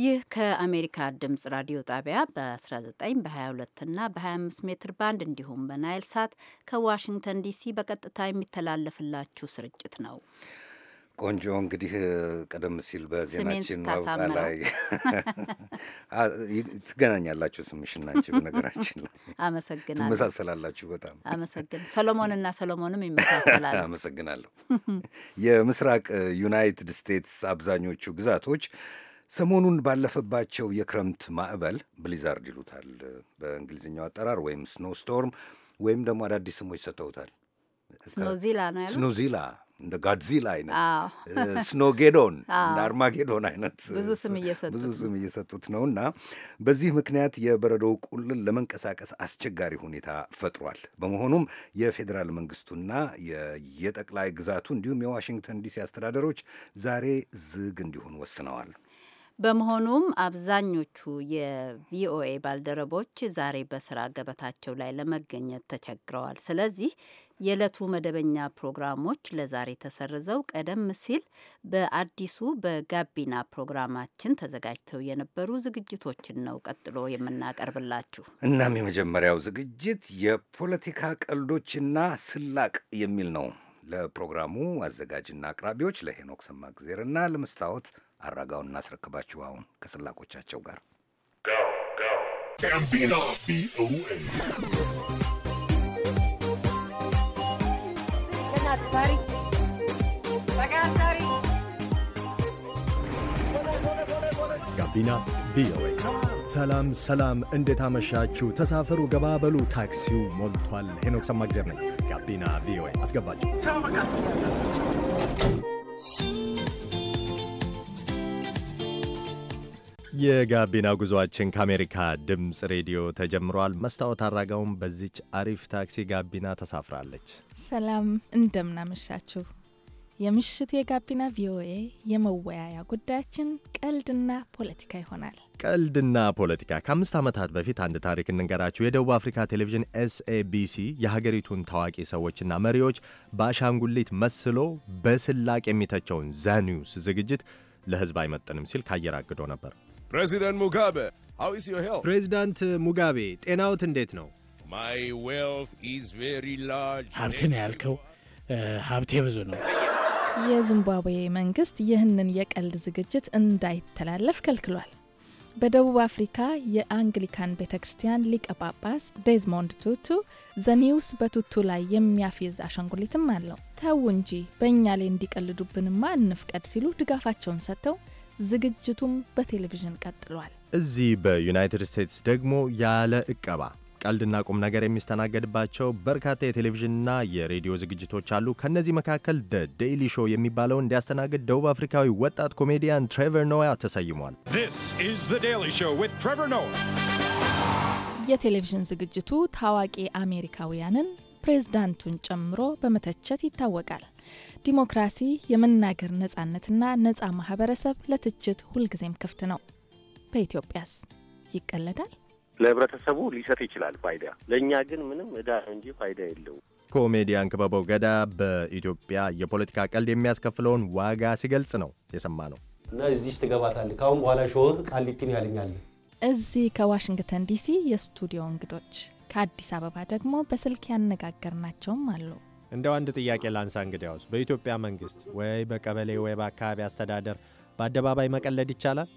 A: ይህ ከአሜሪካ ድምጽ ራዲዮ ጣቢያ በ19 በ22 እና በ25 ሜትር ባንድ እንዲሁም በናይል ሳት ከዋሽንግተን ዲሲ በቀጥታ የሚተላለፍላችሁ ስርጭት ነው።
B: ቆንጆ እንግዲህ ቀደም ሲል በዜናችን ማውጣ ላይ ትገናኛላችሁ። ስምሽን በነገራችን ላይ
A: አመሰግናለሁ።
B: ትመሳሰላላችሁ በጣም
A: አመሰግን ሰሎሞንና ሰሎሞንም ይመሳሰላል።
B: አመሰግናለሁ። የምስራቅ ዩናይትድ ስቴትስ አብዛኞቹ ግዛቶች ሰሞኑን ባለፈባቸው የክረምት ማዕበል ብሊዛርድ ይሉታል በእንግሊዝኛው አጠራር ወይም ስኖስቶርም ወይም ደግሞ አዳዲስ ስሞች ሰጥተውታል።
A: ስኖዚላ ነው ስኖዚላ
B: እንደ ጋድዚላ አይነት ስኖጌዶን እንደ አርማጌዶን አይነት ብዙ ስም እየሰጡት ነው። እና በዚህ ምክንያት የበረዶው ቁልል ለመንቀሳቀስ አስቸጋሪ ሁኔታ ፈጥሯል። በመሆኑም የፌዴራል መንግስቱና የየጠቅላይ ግዛቱ እንዲሁም የዋሽንግተን ዲሲ አስተዳደሮች ዛሬ ዝግ እንዲሆን ወስነዋል።
A: በመሆኑም አብዛኞቹ የቪኦኤ ባልደረቦች ዛሬ በስራ ገበታቸው ላይ ለመገኘት ተቸግረዋል። ስለዚህ የዕለቱ መደበኛ ፕሮግራሞች ለዛሬ ተሰርዘው ቀደም ሲል በአዲሱ በጋቢና ፕሮግራማችን ተዘጋጅተው የነበሩ ዝግጅቶችን ነው ቀጥሎ የምናቀርብላችሁ።
B: እናም የመጀመሪያው ዝግጅት የፖለቲካ ቀልዶችና ስላቅ የሚል ነው። ለፕሮግራሙ አዘጋጅና አቅራቢዎች ለሄኖክ ሰማግዜርና ለመስታወት አራጋውን እናስረክባችሁ አሁን ከስላቆቻቸው ጋር
E: ጋቢና ቪኦኤ። ሰላም ሰላም፣ እንዴት አመሻችሁ? ተሳፈሩ፣ ገባበሉ፣ ታክሲው ሞልቷል። ሄኖክ ሰማግዜር ነኝ። ጋቢና ቪኦኤ አስገባችሁ። የጋቢና ጉዞአችን ከአሜሪካ ድምፅ ሬዲዮ ተጀምሯል። መስታወት አራጋውም በዚች አሪፍ ታክሲ ጋቢና ተሳፍራለች።
F: ሰላም እንደምናመሻችሁ። የምሽቱ የጋቢና ቪኦኤ የመወያያ ጉዳያችን ቀልድና ፖለቲካ ይሆናል።
E: ቀልድና ፖለቲካ። ከአምስት ዓመታት በፊት አንድ ታሪክ እንንገራችሁ። የደቡብ አፍሪካ ቴሌቪዥን ኤስኤቢሲ የሀገሪቱን ታዋቂ ሰዎችና መሪዎች በአሻንጉሊት መስሎ በስላቅ የሚተቸውን ዘኒውስ ዝግጅት ለህዝብ አይመጥንም ሲል ካየር አግዶ ነበር።
J: ፕሬዚዳንት ሙጋቤ ፕሬዚዳንት
E: ሙጋቤ ጤናዎት እንዴት ነው?
J: ሀብት ነው
I: ያልከው? ሀብቴ ብዙ ነው።
F: የዚምባብዌ መንግስት ይህንን የቀልድ ዝግጅት እንዳይተላለፍ ከልክሏል። በደቡብ አፍሪካ የአንግሊካን ቤተ ክርስቲያን ሊቀ ጳጳስ ዴዝሞንድ ቱቱ ዘኒውስ በቱቱ ላይ የሚያፌዝ አሻንጉሊትም አለው። ተው እንጂ በእኛ ላይ እንዲቀልዱብንማ እንፍቀድ ሲሉ ድጋፋቸውን ሰጥተው ዝግጅቱም በቴሌቪዥን ቀጥሏል።
E: እዚህ በዩናይትድ ስቴትስ ደግሞ ያለ እቀባ ቀልድና ቁም ነገር የሚስተናገድባቸው በርካታ የቴሌቪዥንና የሬዲዮ ዝግጅቶች አሉ። ከእነዚህ መካከል ደ ዴይሊ ሾው የሚባለውን እንዲያስተናግድ ደቡብ አፍሪካዊ ወጣት ኮሜዲያን ትሬቨር ኖያ ተሰይሟል።
F: የቴሌቪዥን ዝግጅቱ ታዋቂ አሜሪካውያንን ፕሬዝዳንቱን ጨምሮ በመተቸት ይታወቃል። ዲሞክራሲ፣ የመናገር ነጻነትና ነጻ ማህበረሰብ ለትችት ሁልጊዜም ክፍት ነው። በኢትዮጵያስ ይቀለዳል?
H: ለህብረተሰቡ ሊሰጥ ይችላል ፋይዳ፣ ለእኛ ግን ምንም እዳ ነው እንጂ ፋይዳ የለው።
E: ኮሜዲያን ክበበው ገዳ በኢትዮጵያ የፖለቲካ ቀልድ የሚያስከፍለውን ዋጋ ሲገልጽ ነው የሰማ ነው።
H: እና እዚህ ትገባታለህ ከአሁን በኋላ ሾህ ቃሊቲን ያለኛል።
F: እዚህ ከዋሽንግተን ዲሲ የስቱዲዮ እንግዶች ከአዲስ አበባ ደግሞ በስልክ ያነጋገርናቸውም አሉ።
E: እንደው አንድ ጥያቄ ላንሳ። እንግዲያውስ በኢትዮጵያ መንግስት ወይ በቀበሌ ወይ በአካባቢ አስተዳደር በአደባባይ መቀለድ ይቻላል?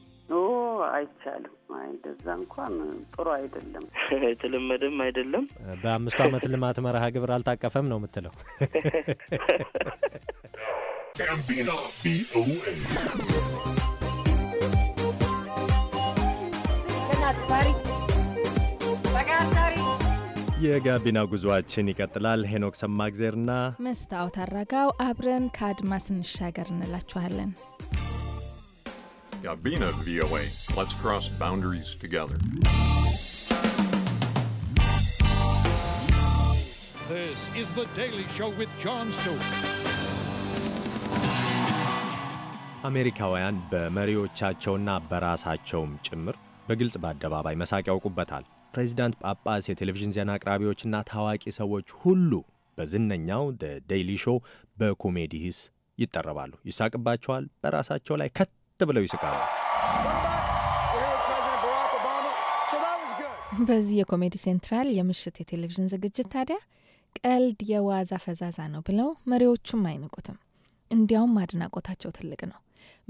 H: አይቻልም። አይደዛ እንኳን ጥሩ አይደለም፣ የተለመደም አይደለም።
E: በአምስቱ ዓመት ልማት መርሃ ግብር አልታቀፈም ነው የምትለው?
H: ቪኦኤ
E: የጋቢና ጉዞአችን ይቀጥላል። ሄኖክ ሰማግዜርና
F: መስታወት አራጋው አብረን ከአድማስ እንሻገር እንላችኋለን።
D: ጋቢና ቪኦኤ ሌትስ ክሮስ ባውንደሪስ ቱጌዘር This is the Daily Show
C: with Stewart.
E: አሜሪካውያን በመሪዎቻቸውና በራሳቸውም ጭምር በግልጽ በአደባባይ መሳቅ ያውቁበታል። ፕሬዚዳንት ጳጳስ፣ የቴሌቪዥን ዜና አቅራቢዎችና ታዋቂ ሰዎች ሁሉ በዝነኛው ደ ዴይሊ ሾው በኮሜዲ ሂስ ይጠረባሉ፣ ይሳቅባቸዋል፣ በራሳቸው ላይ ከት ብለው ይስቃሉ።
F: በዚህ የኮሜዲ ሴንትራል የምሽት የቴሌቪዥን ዝግጅት ታዲያ ቀልድ የዋዛ ፈዛዛ ነው ብለው መሪዎቹም አይንቁትም። እንዲያውም አድናቆታቸው ትልቅ ነው።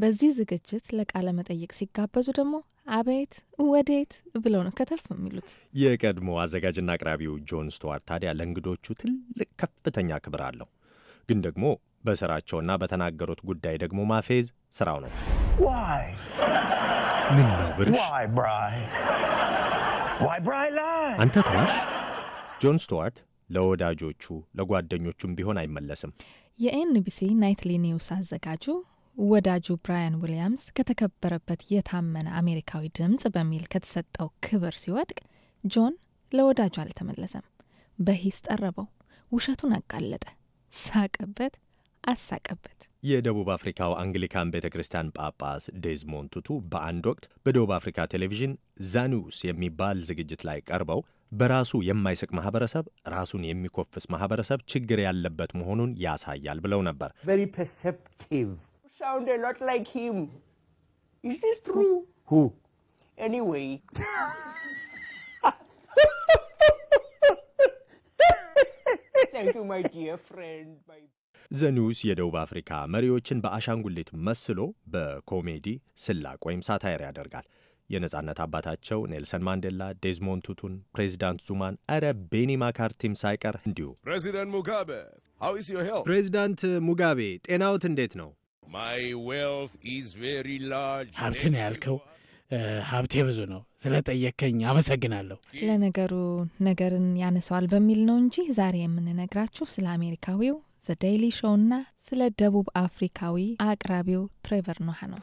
F: በዚህ ዝግጅት ለቃለ መጠይቅ ሲጋበዙ ደግሞ አቤት ወዴት ብለው ነው ከተፍ የሚሉት።
E: የቀድሞ አዘጋጅና አቅራቢው ጆን ስቱዋርት ታዲያ ለእንግዶቹ ትልቅ ከፍተኛ ክብር አለው። ግን ደግሞ በስራቸውና በተናገሩት ጉዳይ ደግሞ ማፌዝ ስራው ነው።
G: ምን ነው ብርሽ
F: አንተ
E: ተዋሽ። ጆን ስቱዋርት ለወዳጆቹ ለጓደኞቹም ቢሆን አይመለስም።
F: የኤንቢሲ ናይትሊ ኒውስ አዘጋጁ ወዳጁ ብራያን ዊሊያምስ ከተከበረበት የታመነ አሜሪካዊ ድምፅ በሚል ከተሰጠው ክብር ሲወድቅ ጆን ለወዳጁ አልተመለሰም። በሂስ ጠረበው፣ ውሸቱን አጋለጠ፣ ሳቀበት፣ አሳቀበት።
E: የደቡብ አፍሪካው አንግሊካን ቤተ ክርስቲያን ጳጳስ ዴዝሞን ቱቱ በአንድ ወቅት በደቡብ አፍሪካ ቴሌቪዥን ዛኒውስ የሚባል ዝግጅት ላይ ቀርበው በራሱ የማይስቅ ማህበረሰብ ራሱን የሚኮፍስ ማህበረሰብ ችግር ያለበት መሆኑን ያሳያል ብለው ነበር።
J: sound a lot like him.
I: Is this true? Who? Anyway. Thank you, my dear
J: friend. My...
E: ዘኒውስ የደቡብ አፍሪካ መሪዎችን በአሻንጉሊት መስሎ በኮሜዲ ስላቅ ወይም ሳታይር ያደርጋል። የነጻነት አባታቸው ኔልሰን ማንዴላ፣ ዴዝሞንድ ቱቱን፣ ፕሬዚዳንት ዙማን እረ ቤኒ ማካርቲም ሳይቀር እንዲሁ
J: ፕሬዚዳንት ሙጋቤ
E: ፕሬዚዳንት ሙጋቤ ጤናዎት እንዴት ነው?
C: ሀብትን ያልከው ሀብቴ ብዙ ነው ስለጠየከኝ አመሰግናለሁ።
F: ለነገሩ ነገርን ያነሰዋል በሚል ነው እንጂ ዛሬ የምንነግራችሁ ስለ አሜሪካዊው ዘ ዴይሊ ሾው እና ስለ ደቡብ አፍሪካዊ አቅራቢው ትሬቨር ኖህ ነው።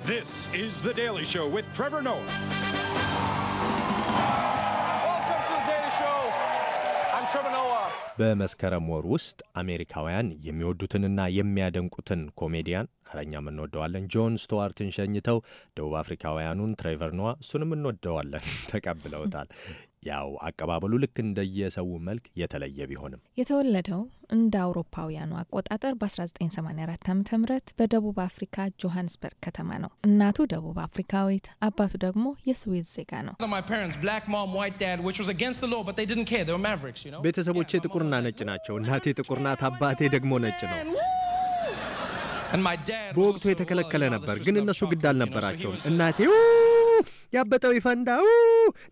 E: በመስከረም ወር ውስጥ አሜሪካውያን የሚወዱትንና የሚያደንቁትን ኮሜዲያን አረኛም እንወደዋለን ጆን ስቱዋርትን ሸኝተው ደቡብ አፍሪካውያኑን ትሬቨር ኖዋ እሱንም እንወደዋለን ተቀብለውታል። ያው አቀባበሉ ልክ እንደየሰው መልክ የተለየ ቢሆንም
F: የተወለደው እንደ አውሮፓውያኑ አቆጣጠር በ1984 ዓ ም በደቡብ አፍሪካ ጆሃንስበርግ ከተማ ነው። እናቱ ደቡብ አፍሪካዊት፣ አባቱ ደግሞ የስዊዝ ዜጋ ነው።
E: ቤተሰቦቼ ጥቁርና ነጭ ናቸው። እናቴ ጥቁር ናት፣ አባቴ ደግሞ ነጭ ነው። በወቅቱ የተከለከለ ነበር፣ ግን እነሱ ግድ አልነበራቸውም። እናቴ ያበጠው ይፈንዳ፣ ው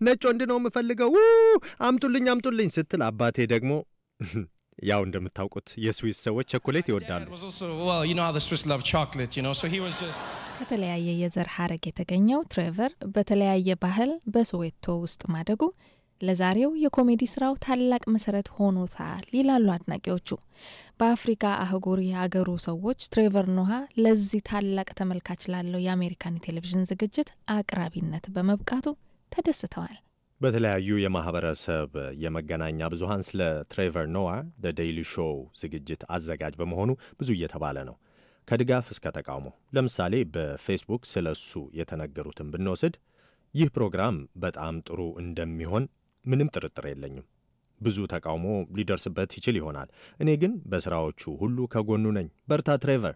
E: ነጭ ወንድ ነው የምፈልገው፣ አምጡልኝ አምጡልኝ ስትል አባቴ ደግሞ ያው እንደምታውቁት የስዊስ ሰዎች ቸኮሌት ይወዳሉ።
F: ከተለያየ የዘር ሀረግ የተገኘው ትሬቨር በተለያየ ባህል በሶዌቶ ውስጥ ማደጉ ለዛሬው የኮሜዲ ስራው ታላቅ መሰረት ሆኖታል ይላሉ አድናቂዎቹ። በአፍሪካ አህጉር የአገሩ ሰዎች ትሬቨር ኖሃ ለዚህ ታላቅ ተመልካች ላለው የአሜሪካን ቴሌቪዥን ዝግጅት አቅራቢነት በመብቃቱ ተደስተዋል።
E: በተለያዩ የማህበረሰብ የመገናኛ ብዙሀን ስለ ትሬቨር ኖዋ ዴይሊ ሾው ዝግጅት አዘጋጅ በመሆኑ ብዙ እየተባለ ነው፣ ከድጋፍ እስከ ተቃውሞ። ለምሳሌ በፌስቡክ ስለ እሱ የተነገሩትን ብንወስድ ይህ ፕሮግራም በጣም ጥሩ እንደሚሆን ምንም ጥርጥር የለኝም። ብዙ ተቃውሞ ሊደርስበት ይችል ይሆናል። እኔ ግን በስራዎቹ ሁሉ ከጎኑ ነኝ። በርታ ትሬቨር።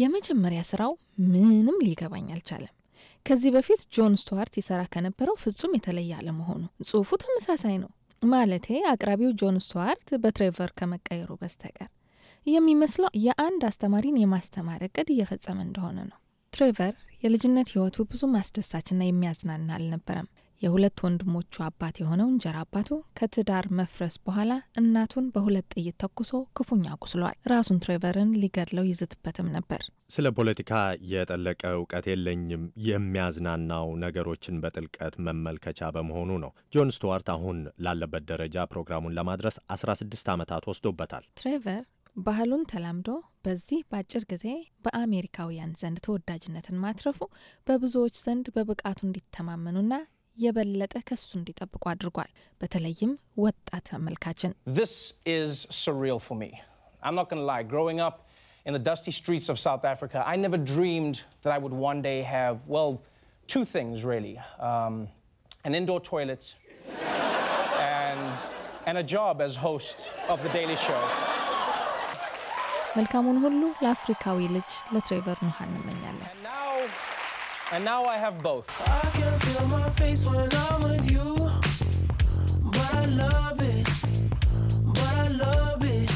F: የመጀመሪያ ስራው ምንም ሊገባኝ አልቻለም። ከዚህ በፊት ጆን ስቱዋርት ይሰራ ከነበረው ፍጹም የተለየ አለመሆኑ። ጽሁፉ ተመሳሳይ ነው ማለቴ አቅራቢው ጆን ስቱዋርት በትሬቨር ከመቀየሩ በስተቀር የሚመስለው የአንድ አስተማሪን የማስተማር እቅድ እየፈጸመ እንደሆነ ነው። ትሬቨር የልጅነት ህይወቱ ብዙ ማስደሳችና የሚያዝናና አልነበረም። የሁለት ወንድሞቹ አባት የሆነው እንጀራ አባቱ ከትዳር መፍረስ በኋላ እናቱን በሁለት ጥይት ተኩሶ ክፉኛ ቁስሏል ራሱን ትሬቨርን ሊገድለው ይዝትበትም ነበር።
E: ስለ ፖለቲካ የጠለቀ እውቀት የለኝም፣ የሚያዝናናው ነገሮችን በጥልቀት መመልከቻ በመሆኑ ነው። ጆን ስቱዋርት አሁን ላለበት ደረጃ ፕሮግራሙን ለማድረስ 16 ዓመታት ወስዶበታል።
F: ትሬቨር ባህሉን ተላምዶ በዚህ በአጭር ጊዜ በአሜሪካውያን ዘንድ ተወዳጅነትን ማትረፉ በብዙዎች ዘንድ በብቃቱ እንዲተማመኑና የበለጠ ከሱ እንዲጠብቁ አድርጓል። በተለይም ወጣት ተመልካችን
G: in the dusty streets of South Africa, I never dreamed that I would one day have, well, two things really um, an indoor toilet and, and a job as host of The Daily Show.
F: መልካሙን ሁሉ ለአፍሪካዊ ልጅ ለትሬቨር ኑሃ እንመኛለን።
G: And now I have both. I can feel my face when I'm with
J: you. But I love it. But I love it.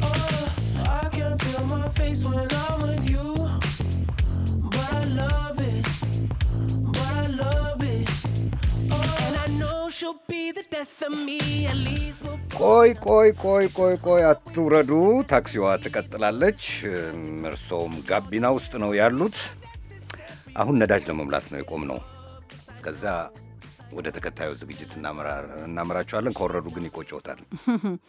J: Oh, I can feel my face when I'm with you. But I love it. But I love it. Oh, and I know she'll be the death of me. At least we'll
B: ቆይ ቆይ ቆይ ቆይ ቆይ አትውረዱ። ታክሲዋ ትቀጥላለች። እርሶም ጋቢና ውስጥ ነው ያሉት። አሁን ነዳጅ ለመሙላት ነው የቆም ነው። ከዛ ወደ ተከታዩ ዝግጅት እናመራችኋለን። ከወረዱ ግን ይቆጭዎታል።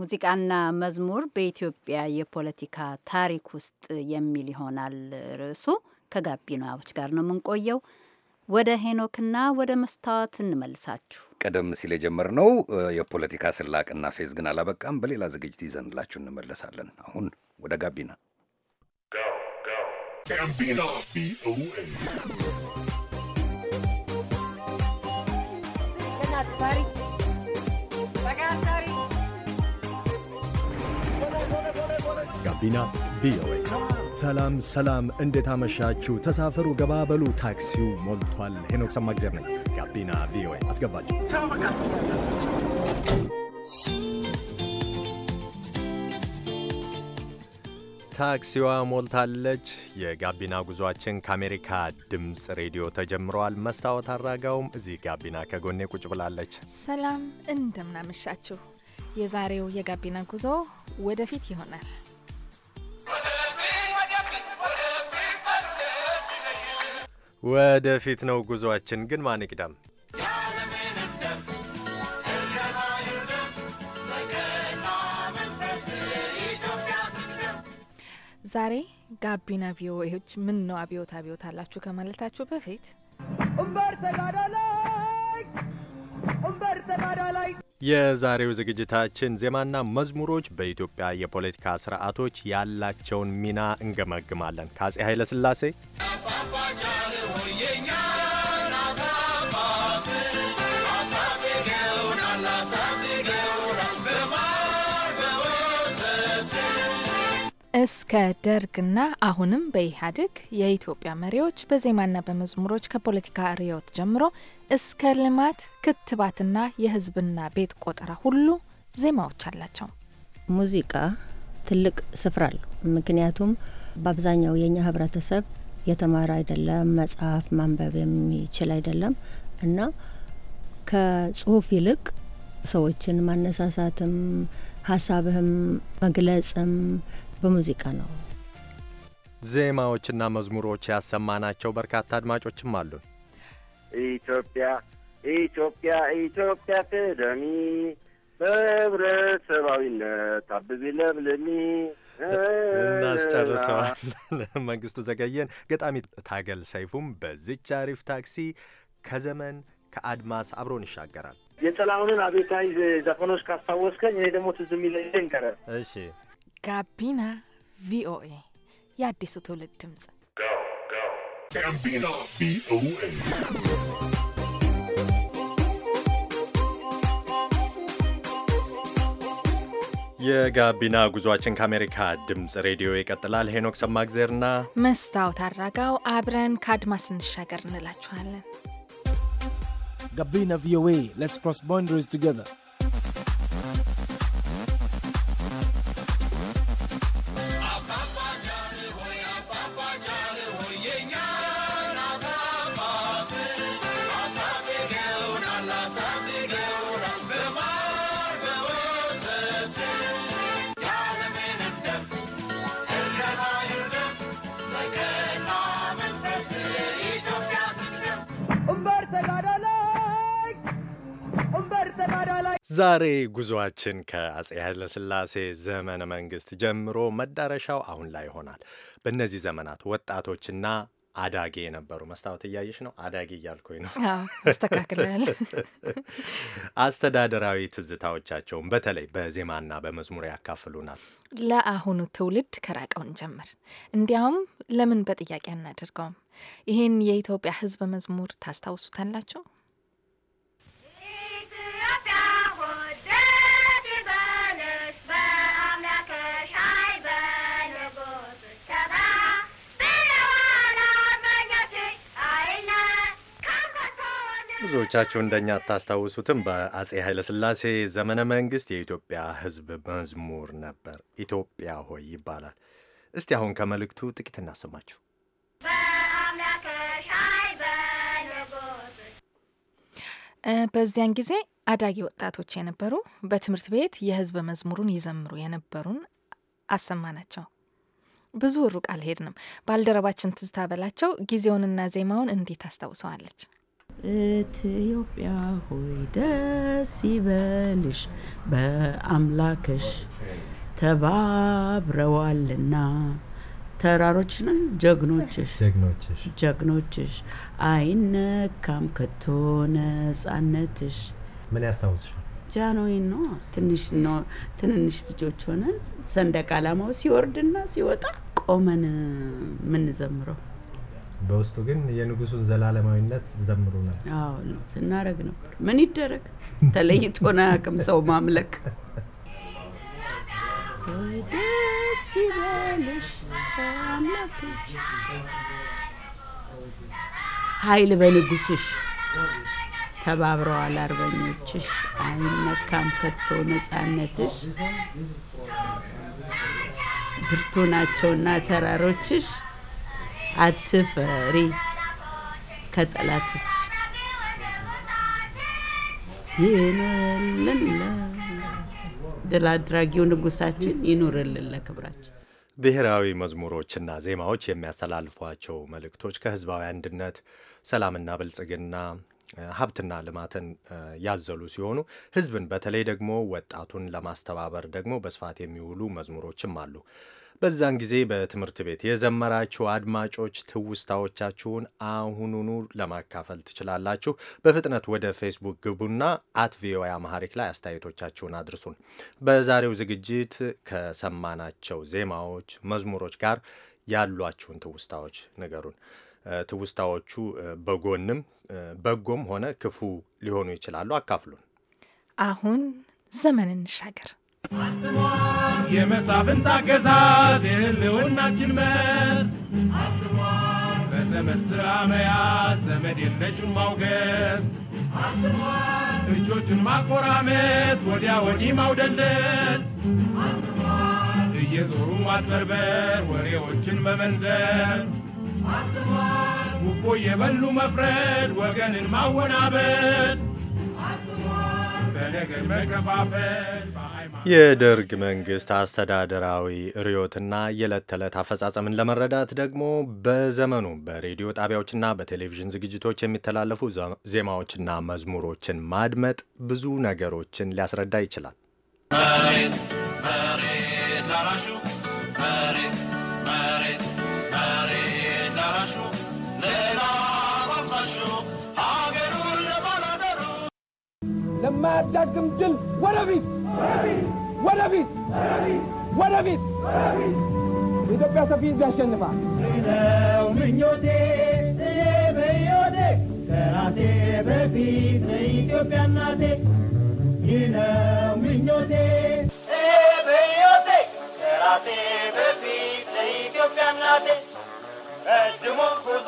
A: ሙዚቃና መዝሙር በኢትዮጵያ የፖለቲካ ታሪክ ውስጥ የሚል ይሆናል ርዕሱ። ከጋቢናዎች ጋር ነው የምንቆየው። ወደ ሄኖክና ወደ መስታወት
B: እንመልሳችሁ። ቀደም ሲል የጀመርነው የፖለቲካ ስላቅና ፌዝ ግን አላበቃም። በሌላ ዝግጅት ይዘንላችሁ እንመለሳለን። አሁን ወደ ጋቢና ጋቢና
E: ቪኦኤ ጋቢና ቪኦኤ። ሰላም ሰላም፣ እንዴት አመሻችሁ? ተሳፈሩ፣ ገባበሉ፣ ታክሲው ሞልቷል። ሄኖክ ሰማእግዜር ነኝ። ጋቢና ቪኦኤ አስገባችሁ። ታክሲዋ ሞልታለች። የጋቢና ጉዟችን ከአሜሪካ ድምፅ ሬዲዮ ተጀምረዋል። መስታወት አራጋውም እዚህ ጋቢና ከጎኔ ቁጭ ብላለች።
F: ሰላም እንደምናመሻችሁ። የዛሬው የጋቢና ጉዞ ወደፊት ይሆናል።
E: ወደፊት ነው ጉዟችን። ግን ማን ይቅደም?
F: ዛሬ ጋቢና ቪኦኤዎች ምን ነው አብዮት አብዮት አላችሁ ከማለታችሁ በፊት
J: እምበር ተጋዳ
D: እምበር
E: የዛሬው ዝግጅታችን ዜማና መዝሙሮች በኢትዮጵያ የፖለቲካ ስርዓቶች ያላቸውን ሚና እንገመግማለን። ከአጼ ኃይለሥላሴ
F: እስከ ደርግና አሁንም በኢህአዴግ የኢትዮጵያ መሪዎች በዜማና በመዝሙሮች ከፖለቲካ ርዕዮት ጀምሮ እስከ ልማት ክትባትና የህዝብና ቤት ቆጠራ ሁሉ ዜማዎች አላቸው።
G: ሙዚቃ ትልቅ ስፍራ አለው። ምክንያቱም በአብዛኛው የእኛ ህብረተሰብ የተማረ አይደለም፣ መጽሐፍ ማንበብ የሚችል አይደለም እና ከጽሁፍ ይልቅ ሰዎችን ማነሳሳትም ሀሳብህም መግለጽም በሙዚቃ ነው።
E: ዜማዎችና መዝሙሮች ያሰማናቸው በርካታ አድማጮችም አሉ።
H: ኢትዮጵያ ኢትዮጵያ ኢትዮጵያ ቅደሚ፣ በህብረተሰባዊነት አብቢ ለምልሚ። እናስጨርሰዋለን።
E: መንግስቱ ዘገየን፣ ገጣሚ ታገል ሰይፉም በዚች አሪፍ ታክሲ ከዘመን ከአድማስ
H: አብሮን ይሻገራል። የጥላሁንን አቤታይ ዘፈኖች ካስታወስከኝ እኔ ደግሞ ትዝ የሚለኝ ይንቀረ
E: እሺ
F: ጋቢና ቪኦኤ የአዲሱ ትውልድ ድምፅ።
E: የጋቢና ጉዟችን ከአሜሪካ ድምፅ ሬዲዮ ይቀጥላል። ሄኖክ ሰማግዜርና
F: መስታወት አራጋው አብረን ከአድማስ እንሻገር እንላችኋለን።
H: ጋቢና ቪኦኤ ሌትስ ክሮስ ባውንደሪስ ቱጌዘር
E: ዛሬ ጉዞአችን ከአጼ ኃይለሥላሴ ዘመነ መንግሥት ጀምሮ መዳረሻው አሁን ላይ ይሆናል። በእነዚህ ዘመናት ወጣቶችና አዳጌ የነበሩ መስታወት እያየሽ ነው። አዳጌ እያልኩኝ ነው፣ አስተካክላል። አስተዳደራዊ ትዝታዎቻቸውን በተለይ በዜማና በመዝሙር ያካፍሉናል።
F: ለአሁኑ ትውልድ ከራቀውን ጀምር እንዲያውም ለምን በጥያቄ አናደርገውም? ይህን የኢትዮጵያ ሕዝብ መዝሙር ታስታውሱታላችሁ?
E: ብዙዎቻችሁ እንደኛ አታስታውሱትም። በአጼ ኃይለሥላሴ ዘመነ መንግሥት የኢትዮጵያ ሕዝብ መዝሙር ነበር፣ ኢትዮጵያ ሆይ ይባላል። እስቲ አሁን ከመልእክቱ ጥቂት እናሰማችሁ።
F: በዚያን ጊዜ አዳጊ ወጣቶች የነበሩ በትምህርት ቤት የሕዝብ መዝሙሩን ይዘምሩ የነበሩን አሰማናቸው። ብዙ ሩቅ አልሄድንም። ባልደረባችን ትዝታ በላቸው ጊዜውንና ዜማውን እንዴት አስታውሰዋለች።
J: ኢትዮጵያ ሆይ ደስ ይበልሽ፣ በአምላክሽ ተባብረዋልና ተራሮችንን ጀግኖችሽ ጀግኖችሽ አይነካም ከቶ ነጻነትሽ። ምን ያስታውስሽ? ጃንሆይ ነው። ትንሽ ነው ትንንሽ ልጆች ሆነን ሰንደቅ ዓላማው ሲወርድና ሲወጣ ቆመን የምንዘምረው
E: በውስጡ ግን የንጉሱን ዘላለማዊነት ዘምሩናል። አዎ ነው ስናረግ ነበር።
J: ምን ይደረግ ተለይቶ አያውቅም ሰው ማምለክ። ደስ ይበልሽ አምላክሽ፣ ኃይል በንጉስሽ ተባብረዋል አርበኞችሽ፣ አይመካም ከቶ ነጻነትሽ፣ ብርቱ ናቸውና ተራሮችሽ አትፈሪ ከጠላቶች ይኑርልን ድል አድራጊው ንጉሳችን ይኑርልን ለክብራችን።
E: ብሔራዊ መዝሙሮችና ዜማዎች የሚያስተላልፏቸው መልእክቶች ከህዝባዊ አንድነት፣ ሰላምና ብልጽግና፣ ሀብትና ልማትን ያዘሉ ሲሆኑ ህዝብን በተለይ ደግሞ ወጣቱን ለማስተባበር ደግሞ በስፋት የሚውሉ መዝሙሮችም አሉ። በዛን ጊዜ በትምህርት ቤት የዘመራችሁ አድማጮች ትውስታዎቻችሁን አሁኑኑ ለማካፈል ትችላላችሁ። በፍጥነት ወደ ፌስቡክ ግቡና አት ቪኦኤ አማሪክ ላይ አስተያየቶቻችሁን አድርሱን። በዛሬው ዝግጅት ከሰማናቸው ዜማዎች፣ መዝሙሮች ጋር ያሏችሁን ትውስታዎች ንገሩን። ትውስታዎቹ በጎንም በጎም ሆነ ክፉ ሊሆኑ
H: ይችላሉ። አካፍሉን።
F: አሁን ዘመን እንሻገር።
H: የመሳፍንታ አገዛዝ የህልውናችን መስ በዘመን ስራ መያዝ ዘመድ የለሽም ማውገዝ እጆችን ማቆራመት ወዲያ ወዲህ ማውደለት እየዞሩ ማጭበርበር ወሬዎችን መመንዘር ጉቦ የበሉ መፍረድ ወገንን ማወናበድ በነገድ መከፋፈል
E: የደርግ መንግስት አስተዳደራዊ ርዮትና የዕለት ተዕለት አፈጻጸምን ለመረዳት ደግሞ በዘመኑ በሬዲዮ ጣቢያዎችና በቴሌቪዥን ዝግጅቶች የሚተላለፉ ዜማዎችና መዝሙሮችን ማድመጥ ብዙ ነገሮችን ሊያስረዳ ይችላል።
J: መሬት መሬት መሬት
H: ላራሹ ሌላ ለማያዳግም ድል ወደፊት ወደፊት ወደፊት
B: የኢትዮጵያ ሰፊ ሕዝብ ያሸንፋል
H: ነው ምኞቴ እኔ በዮቴ ከራሴ በፊት ለኢትዮጵያ እናቴ ይህ ምኞቴ እኔ በፊት ለኢትዮጵያ እናቴ ቀድሞ ጉዞ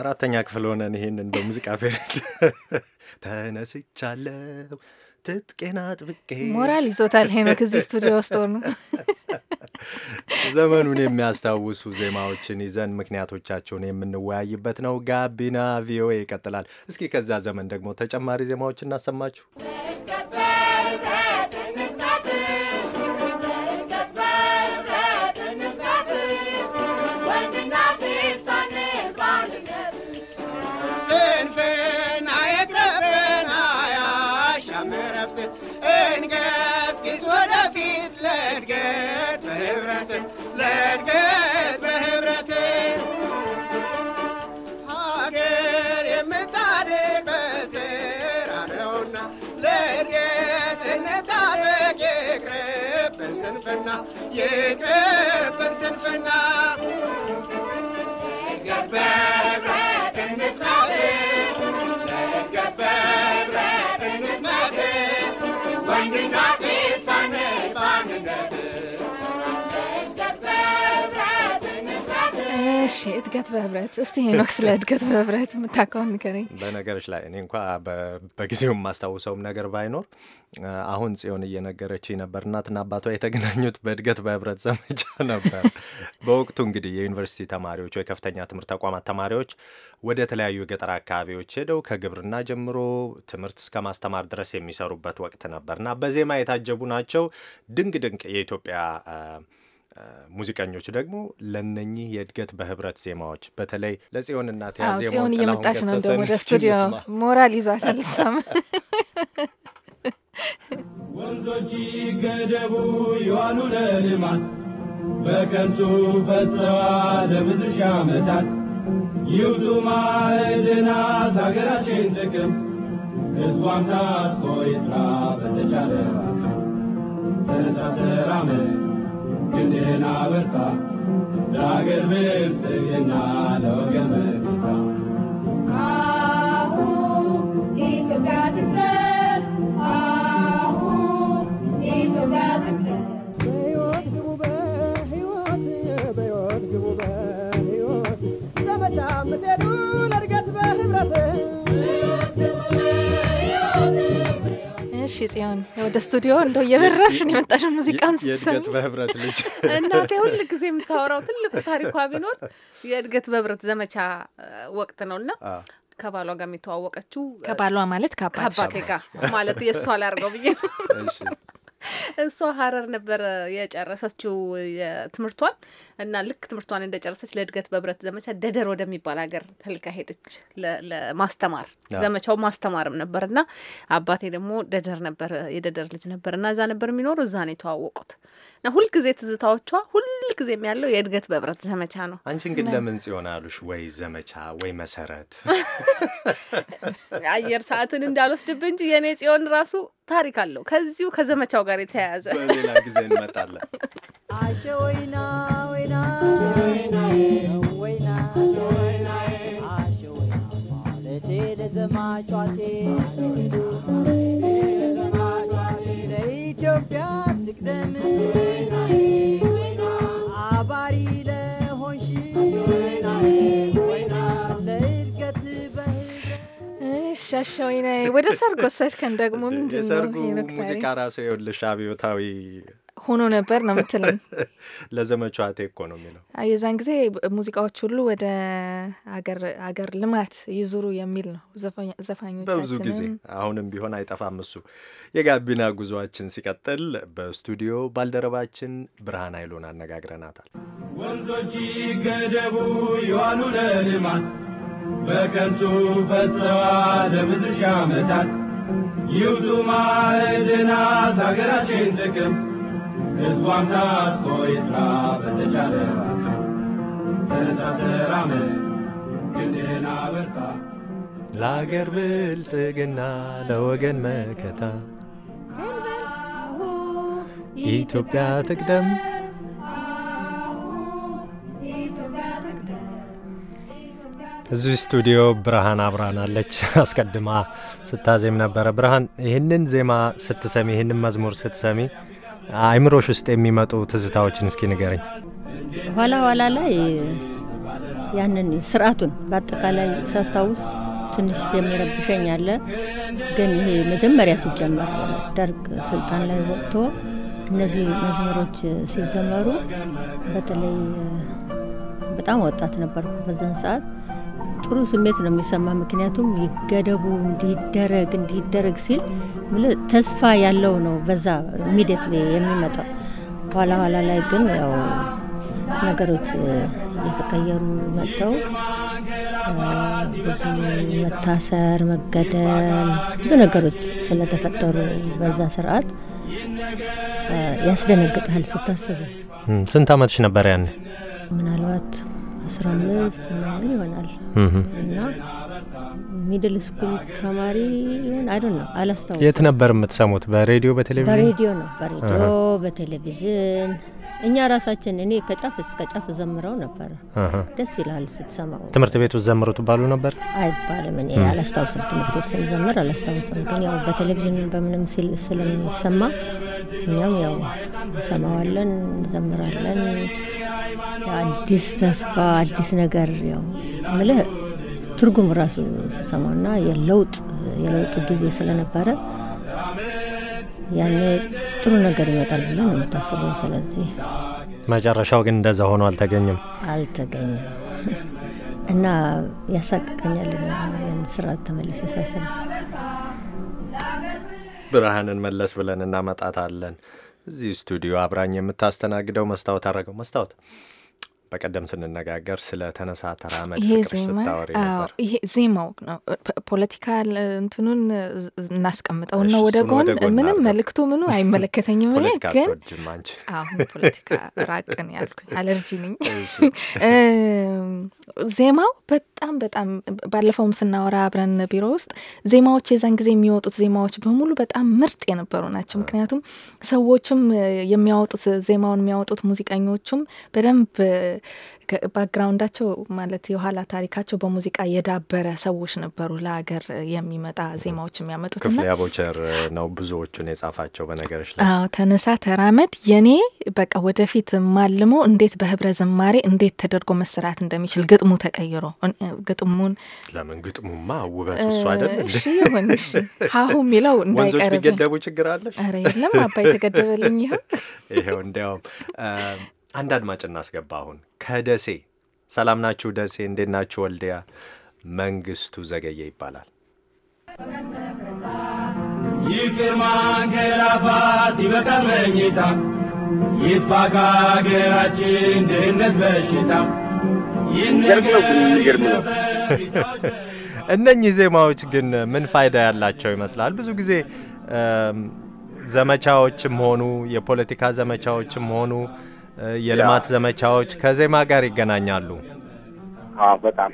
E: አራተኛ ክፍል ሆነን ይሄንን በሙዚቃ ፔሬድ ተነስቻለሁ ትጥቄና ጥብቄ ሞራል ይዞታል። ሄኖክ እዚህ ስቱዲዮ ውስጥ ሆኑ ዘመኑን የሚያስታውሱ ዜማዎችን ይዘን ምክንያቶቻቸውን የምንወያይበት ነው። ጋቢና ቪኦኤ ይቀጥላል። እስኪ ከዛ ዘመን ደግሞ ተጨማሪ ዜማዎች እናሰማችሁ።
H: የከፈል
J: ስንፍና
F: እሺ እድገት በህብረት እስቲ ሄኖክ ስለ እድገት በህብረት የምታውቀውን ንገረኝ።
E: በነገሮች ላይ እኔ እንኳ በጊዜው የማስታውሰውም ነገር ባይኖር አሁን ጽዮን እየነገረች ነበር። እናትና አባቷ የተገናኙት በእድገት በህብረት ዘመቻ ነበር። በወቅቱ እንግዲህ የዩኒቨርሲቲ ተማሪዎች ወይ ከፍተኛ ትምህርት ተቋማት ተማሪዎች ወደ ተለያዩ የገጠር አካባቢዎች ሄደው ከግብርና ጀምሮ ትምህርት እስከ ማስተማር ድረስ የሚሰሩበት ወቅት ነበር እና በዜማ የታጀቡ ናቸው ድንቅ ድንቅ የኢትዮጵያ ሙዚቀኞች ደግሞ ለነኚህ የእድገት በህብረት ዜማዎች በተለይ ለጽዮን እና ተያዜሞን እየመጣች ነው እንደ ወደ ስቱዲዮ
F: ሞራል ይዟት አልሳም ወንዞች
H: ገደቡ የዋሉ ለልማት በከንቱ ፈጽዋ ለብዙ ሺህ ዓመታት ይውጡ ማዕድናት ሀገራችን ጥቅም ህዝቧም ታጥቆ ይስራ በተቻለ ተነሳሰራምን ክንድህን አበርታ ለአገር ብልጽግና ለወገን መከታ አሁ
G: ኢትዮጵያ ትሰብ አሁ ኢትዮጵያ ትሰብ
F: እሺ ጽዮን ወደ ስቱዲዮ እንደ እየበራሽ ነው የመጣሽው። ሙዚቃውን ስትሰሚ
E: በህብረት ልጅ እናቴ ሁል
F: ጊዜ የምታወራው ትልቁ ታሪኳ ቢኖር የእድገት በህብረት ዘመቻ ወቅት ነው እና ከባሏ ጋር የሚተዋወቀችው ከባሏ ማለት ከአባቴ ጋር ማለት የእሷ ላርገው ብዬ ነው። እሷ ሀረር ነበረ የጨረሰችው ትምህርቷን እና ልክ ትምህርቷን እንደጨረሰች ለእድገት በብረት ዘመቻ ደደር ወደሚባል ሀገር ተልካ ሄደች ለማስተማር። ዘመቻው ማስተማርም ነበር እና አባቴ ደግሞ ደደር ነበር የደደር ልጅ ነበር እና እዛ ነበር የሚኖሩ እዛ ነው የተዋወቁት። እና ሁልጊዜ ትዝታዎቿ ሁልጊዜም ያለው የእድገት በህብረት ዘመቻ ነው። አንቺን ግን ለምን
E: ጽዮን አሉሽ ወይ ዘመቻ ወይ መሰረት
F: አየር ሰዓትን እንዳልወስድብ እንጂ የእኔ ጽዮን ራሱ ታሪክ አለው ከዚሁ ከዘመቻው ጋር
J: የተያያዘ በሌላ ጊዜ እንመጣለን። አሸ ወይና ወይና ወይና
A: ወይና ለኢትዮጵያ
J: አባሪ
F: ወደ ሰርጎ ወሰድከን ደግሞ ምንድን ነው ሙዚቃ
E: ራሱ የወልሽ አብዮታዊ ሆኖ ነበር ነው የምትለኝ። ለዘመቻ ቴኮ ነው የሚለው።
F: የዛን ጊዜ ሙዚቃዎች ሁሉ ወደ አገር ልማት ይዙሩ የሚል ነው ዘፋኞቻችን በብዙ ጊዜ።
E: አሁንም ቢሆን አይጠፋም እሱ። የጋቢና ጉዟችን ሲቀጥል በስቱዲዮ ባልደረባችን ብርሃን ኃይሉን አነጋግረናታል።
F: ወንዞች
H: ገደቡ የዋሉ ለልማት በከንቱ ፈሰዋ ለብዙ ሺህ ዓመታት ይውጡ ማዕድናት ሀገራችን ጥቅም ሕዝቧ ሆይ ስራ በተቻለ ተነሳ ተራመድ ክንድህን
E: ለአገር ብልጽግና ለወገን መከታ
G: ኢትዮጵያ ትቅደም።
E: እዚህ ስቱዲዮ ብርሃን አብራናለች። አስቀድማ ስታዜም ነበረ። ብርሃን ይህንን ዜማ ስትሰሚ፣ ይህንን መዝሙር ስትሰሚ አይምሮሽ ውስጥ የሚመጡ ትዝታዎችን እስኪ ንገረኝ።
G: ኋላ ኋላ ላይ ያንን ስርዓቱን በአጠቃላይ ሳስታውስ ትንሽ የሚረብሸኝ አለ። ግን ይሄ መጀመሪያ ሲጀመር ደርግ ስልጣን ላይ ወጥቶ እነዚህ መዝሙሮች ሲዘመሩ በተለይ በጣም ወጣት ነበርኩ በዛን ሰዓት ጥሩ ስሜት ነው የሚሰማ። ምክንያቱም ይገደቡ እንዲደረግ እንዲደረግ ሲል ተስፋ ያለው ነው በዛ ሚደት የሚመጣው። ኋላ ኋላ ላይ ግን ያው ነገሮች እየተቀየሩ መጥተው ብዙ መታሰር፣ መገደል፣ ብዙ ነገሮች ስለተፈጠሩ በዛ ስርዓት ያስደነግጥሃል ስታስቡ።
E: ስንት አመትሽ ነበር ያኔ?
G: ምናልባት አስራ አምስት ምናምን ይሆናል እና ሚድል ስኩል ተማሪ ይሆን አይዶ ነው አላስታውስ። የት
E: ነበር የምትሰሙት? በሬዲዮ በቴሌቪዥን? በሬዲዮ ነው፣ በሬዲዮ
G: በቴሌቪዥን። እኛ ራሳችን እኔ ከጫፍ እስከ ጫፍ ዘምረው ነበረ። ደስ ይላል ስትሰማው። ትምህርት
E: ቤት ውስጥ ዘምሩ ትባሉ ነበር?
G: አይባልም። እኔ አላስታውስም፣ ትምህርት ቤት ስንዘምር አላስታውስም። ግን ያው በቴሌቪዥን በምንም ስለሚሰማ እኛም ያው እንሰማዋለን፣ እንዘምራለን። አዲስ ተስፋ አዲስ ነገር ያው ምልህ ትርጉም ራሱ ስሰማውና የለውጥ የለውጥ ጊዜ ስለነበረ ያኔ ጥሩ ነገር ይመጣል ብለን ነው የምታስበው። ስለዚህ
E: መጨረሻው ግን እንደዛ ሆኖ አልተገኘም
G: አልተገኘም እና ያሳቅቀኛል ስራ ተመልሶ ያሳስበ
E: ብርሃንን መለስ ብለን እናመጣታለን። እዚህ ስቱዲዮ አብራኝ የምታስተናግደው መስታወት አድረገው መስታወት በቀደም ስንነጋገር ስለ ተነሳ ተራመድ ፍቅር ስታወሪ ነበር።
F: ይሄ ዜማው ነው። ፖለቲካል እንትኑን እናስቀምጠው ነው ወደ ጎን ምንም መልእክቱ ምኑ አይመለከተኝም። እኔ ግን ፖለቲካ ራቅን ያልኩኝ አለርጂ ነኝ። ዜማው በጣም በጣም ባለፈውም ስናወራ አብረን ቢሮ ውስጥ ዜማዎች የዛን ጊዜ የሚወጡት ዜማዎች በሙሉ በጣም ምርጥ የነበሩ ናቸው። ምክንያቱም ሰዎችም የሚያወጡት ዜማውን የሚያወጡት ሙዚቀኞቹም በደንብ ባክግራውንዳቸው ማለት የኋላ ታሪካቸው በሙዚቃ የዳበረ ሰዎች ነበሩ። ለሀገር የሚመጣ ዜማዎች የሚያመጡት ክፍሌ
E: ቦቸር ነው ብዙዎቹን የጻፋቸው። በነገሮች ላይ
F: ተነሳ ተራመድ የኔ በቃ ወደፊት ማልሞ እንዴት በህብረ ዝማሬ እንዴት ተደርጎ መሰራት እንደሚችል ግጥሙ ተቀይሮ ግጥሙን
E: ለምን ግጥሙማ ውበት እሱ አይደለም። እሺ
F: ሀሁ የሚለው እንዳይቀርብ ገደቡ
E: ችግር አለ። ኧረ የለም አባይ ተገደበልኝ። ይኸው ይኸው እንዲያውም አንድ አድማጭ እናስገባ። አሁን ከደሴ ሰላም ናችሁ? ደሴ እንዴት ናችሁ? ወልዲያ መንግስቱ ዘገየ ይባላል።
H: መኝታ ድህነት በሽታ
E: እነኚህ ዜማዎች ግን ምን ፋይዳ ያላቸው ይመስላል? ብዙ ጊዜ ዘመቻዎችም ሆኑ የፖለቲካ ዘመቻዎችም ሆኑ የልማት ዘመቻዎች ከዜማ ጋር ይገናኛሉ።
H: በጣም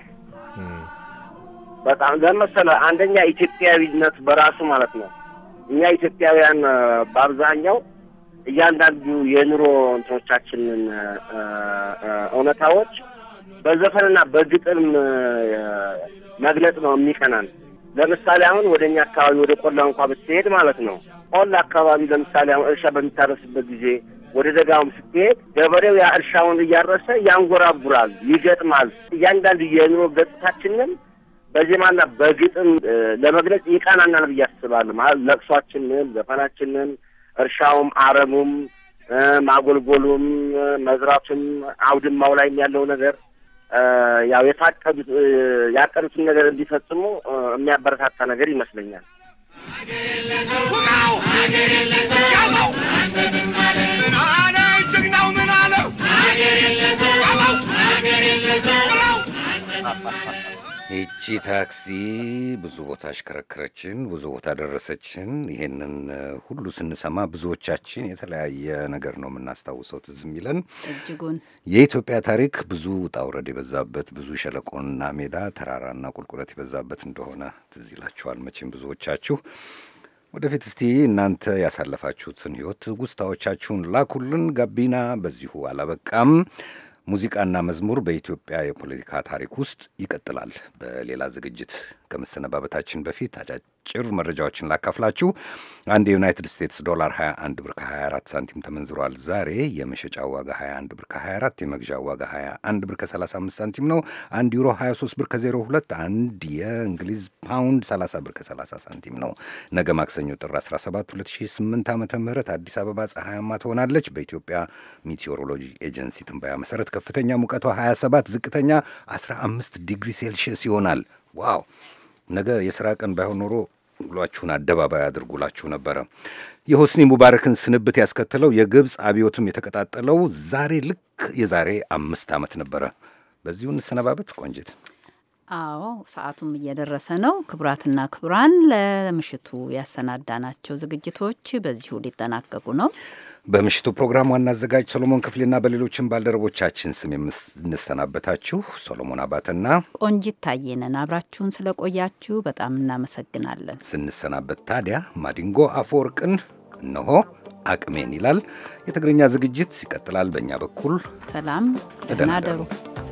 H: በጣም ለመሰለ አንደኛ ኢትዮጵያዊነት በራሱ ማለት ነው። እኛ ኢትዮጵያውያን በአብዛኛው እያንዳንዱ የኑሮ እንትኖቻችንን እውነታዎች በዘፈንና በግጥም መግለጽ ነው የሚቀናን። ለምሳሌ አሁን ወደ እኛ አካባቢ ወደ ቆላ እንኳ ብትሄድ ማለት ነው ቆላ አካባቢ ለምሳሌ አሁን እርሻ በሚታረስበት ጊዜ ወደ ደጋውም ስትሄድ ገበሬው የእርሻውን እርሻውን እያረሰ ያንጎራጉራል፣ ይገጥማል። እያንዳንዱ የኑሮ ገጽታችንን በዜማና በግጥም ለመግለጽ ይቃናናል ብዬ አስባለሁ። ማለት ለቅሷችንን፣ ዘፈናችንን፣ እርሻውም፣ አረሙም፣ ማጎልጎሉም፣ መዝራቱም፣ አውድማው ላይም ያለው ነገር ያው የታቀዱት ያቀዱትን ነገር እንዲፈጽሙ የሚያበረታታ ነገር ይመስለኛል።
B: ይቺ ታክሲ ብዙ ቦታ አሽከረከረችን፣ ብዙ ቦታ ደረሰችን። ይሄንን ሁሉ ስንሰማ ብዙዎቻችን የተለያየ ነገር ነው የምናስታውሰው ትዝ የሚለን እጅጉን። የኢትዮጵያ ታሪክ ብዙ ውጣ ውረድ የበዛበት ብዙ ሸለቆና ሜዳ፣ ተራራና ቁልቁለት የበዛበት እንደሆነ ትዝ ይላችኋል መቼም ብዙዎቻችሁ። ወደፊት እስቲ እናንተ ያሳለፋችሁትን ህይወት ጉስታዎቻችሁን ላኩልን። ጋቢና በዚሁ አላበቃም። ሙዚቃና መዝሙር በኢትዮጵያ የፖለቲካ ታሪክ ውስጥ ይቀጥላል በሌላ ዝግጅት ከመሰነባበታችን በፊት አጫጭር መረጃዎችን ላካፍላችሁ። አንድ የዩናይትድ ስቴትስ ዶላር 21 ብር ከ24 ሳንቲም ተመንዝሯል። ዛሬ የመሸጫ ዋጋ 21 ብር ከ24፣ የመግዣ ዋጋ 21 ብር ከ35 ሳንቲም ነው። አንድ ዩሮ 23 ብር ከ02፣ አንድ የእንግሊዝ ፓውንድ 30 ብር ከ30 ሳንቲም ነው። ነገ ማክሰኞ ጥር 17 2008 ዓ ም አዲስ አበባ ፀሐያማ ትሆናለች። በኢትዮጵያ ሚቴዎሮሎጂ ኤጀንሲ ትንበያ መሰረት ከፍተኛ ሙቀቷ 27፣ ዝቅተኛ 15 ዲግሪ ሴልሺየስ ይሆናል። ዋው ነገ የስራ ቀን ባይሆን ኖሮ ውሏችሁን አደባባይ አድርጉላችሁ ነበረ። የሆስኒ ሙባረክን ስንብት ያስከተለው የግብፅ አብዮትም የተቀጣጠለው ዛሬ ልክ የዛሬ አምስት ዓመት ነበረ። በዚሁ እንሰነባበት ቆንጅት።
A: አዎ ሰዓቱም እየደረሰ ነው። ክቡራትና ክቡራን ለምሽቱ ያሰናዳናቸው ዝግጅቶች በዚሁ ሊጠናቀቁ ነው።
B: በምሽቱ ፕሮግራም ዋና አዘጋጅ ሶሎሞን ክፍሌና በሌሎችም ባልደረቦቻችን ስም የምንሰናበታችሁ ሶሎሞን አባተና
A: ቆንጂት ታየነን አብራችሁን ስለቆያችሁ በጣም
B: እናመሰግናለን። ስንሰናበት ታዲያ ማዲንጎ አፈወርቅን እነሆ አቅሜን ይላል። የትግርኛ ዝግጅት ይቀጥላል። በእኛ በኩል
A: ሰላም፣ ደህና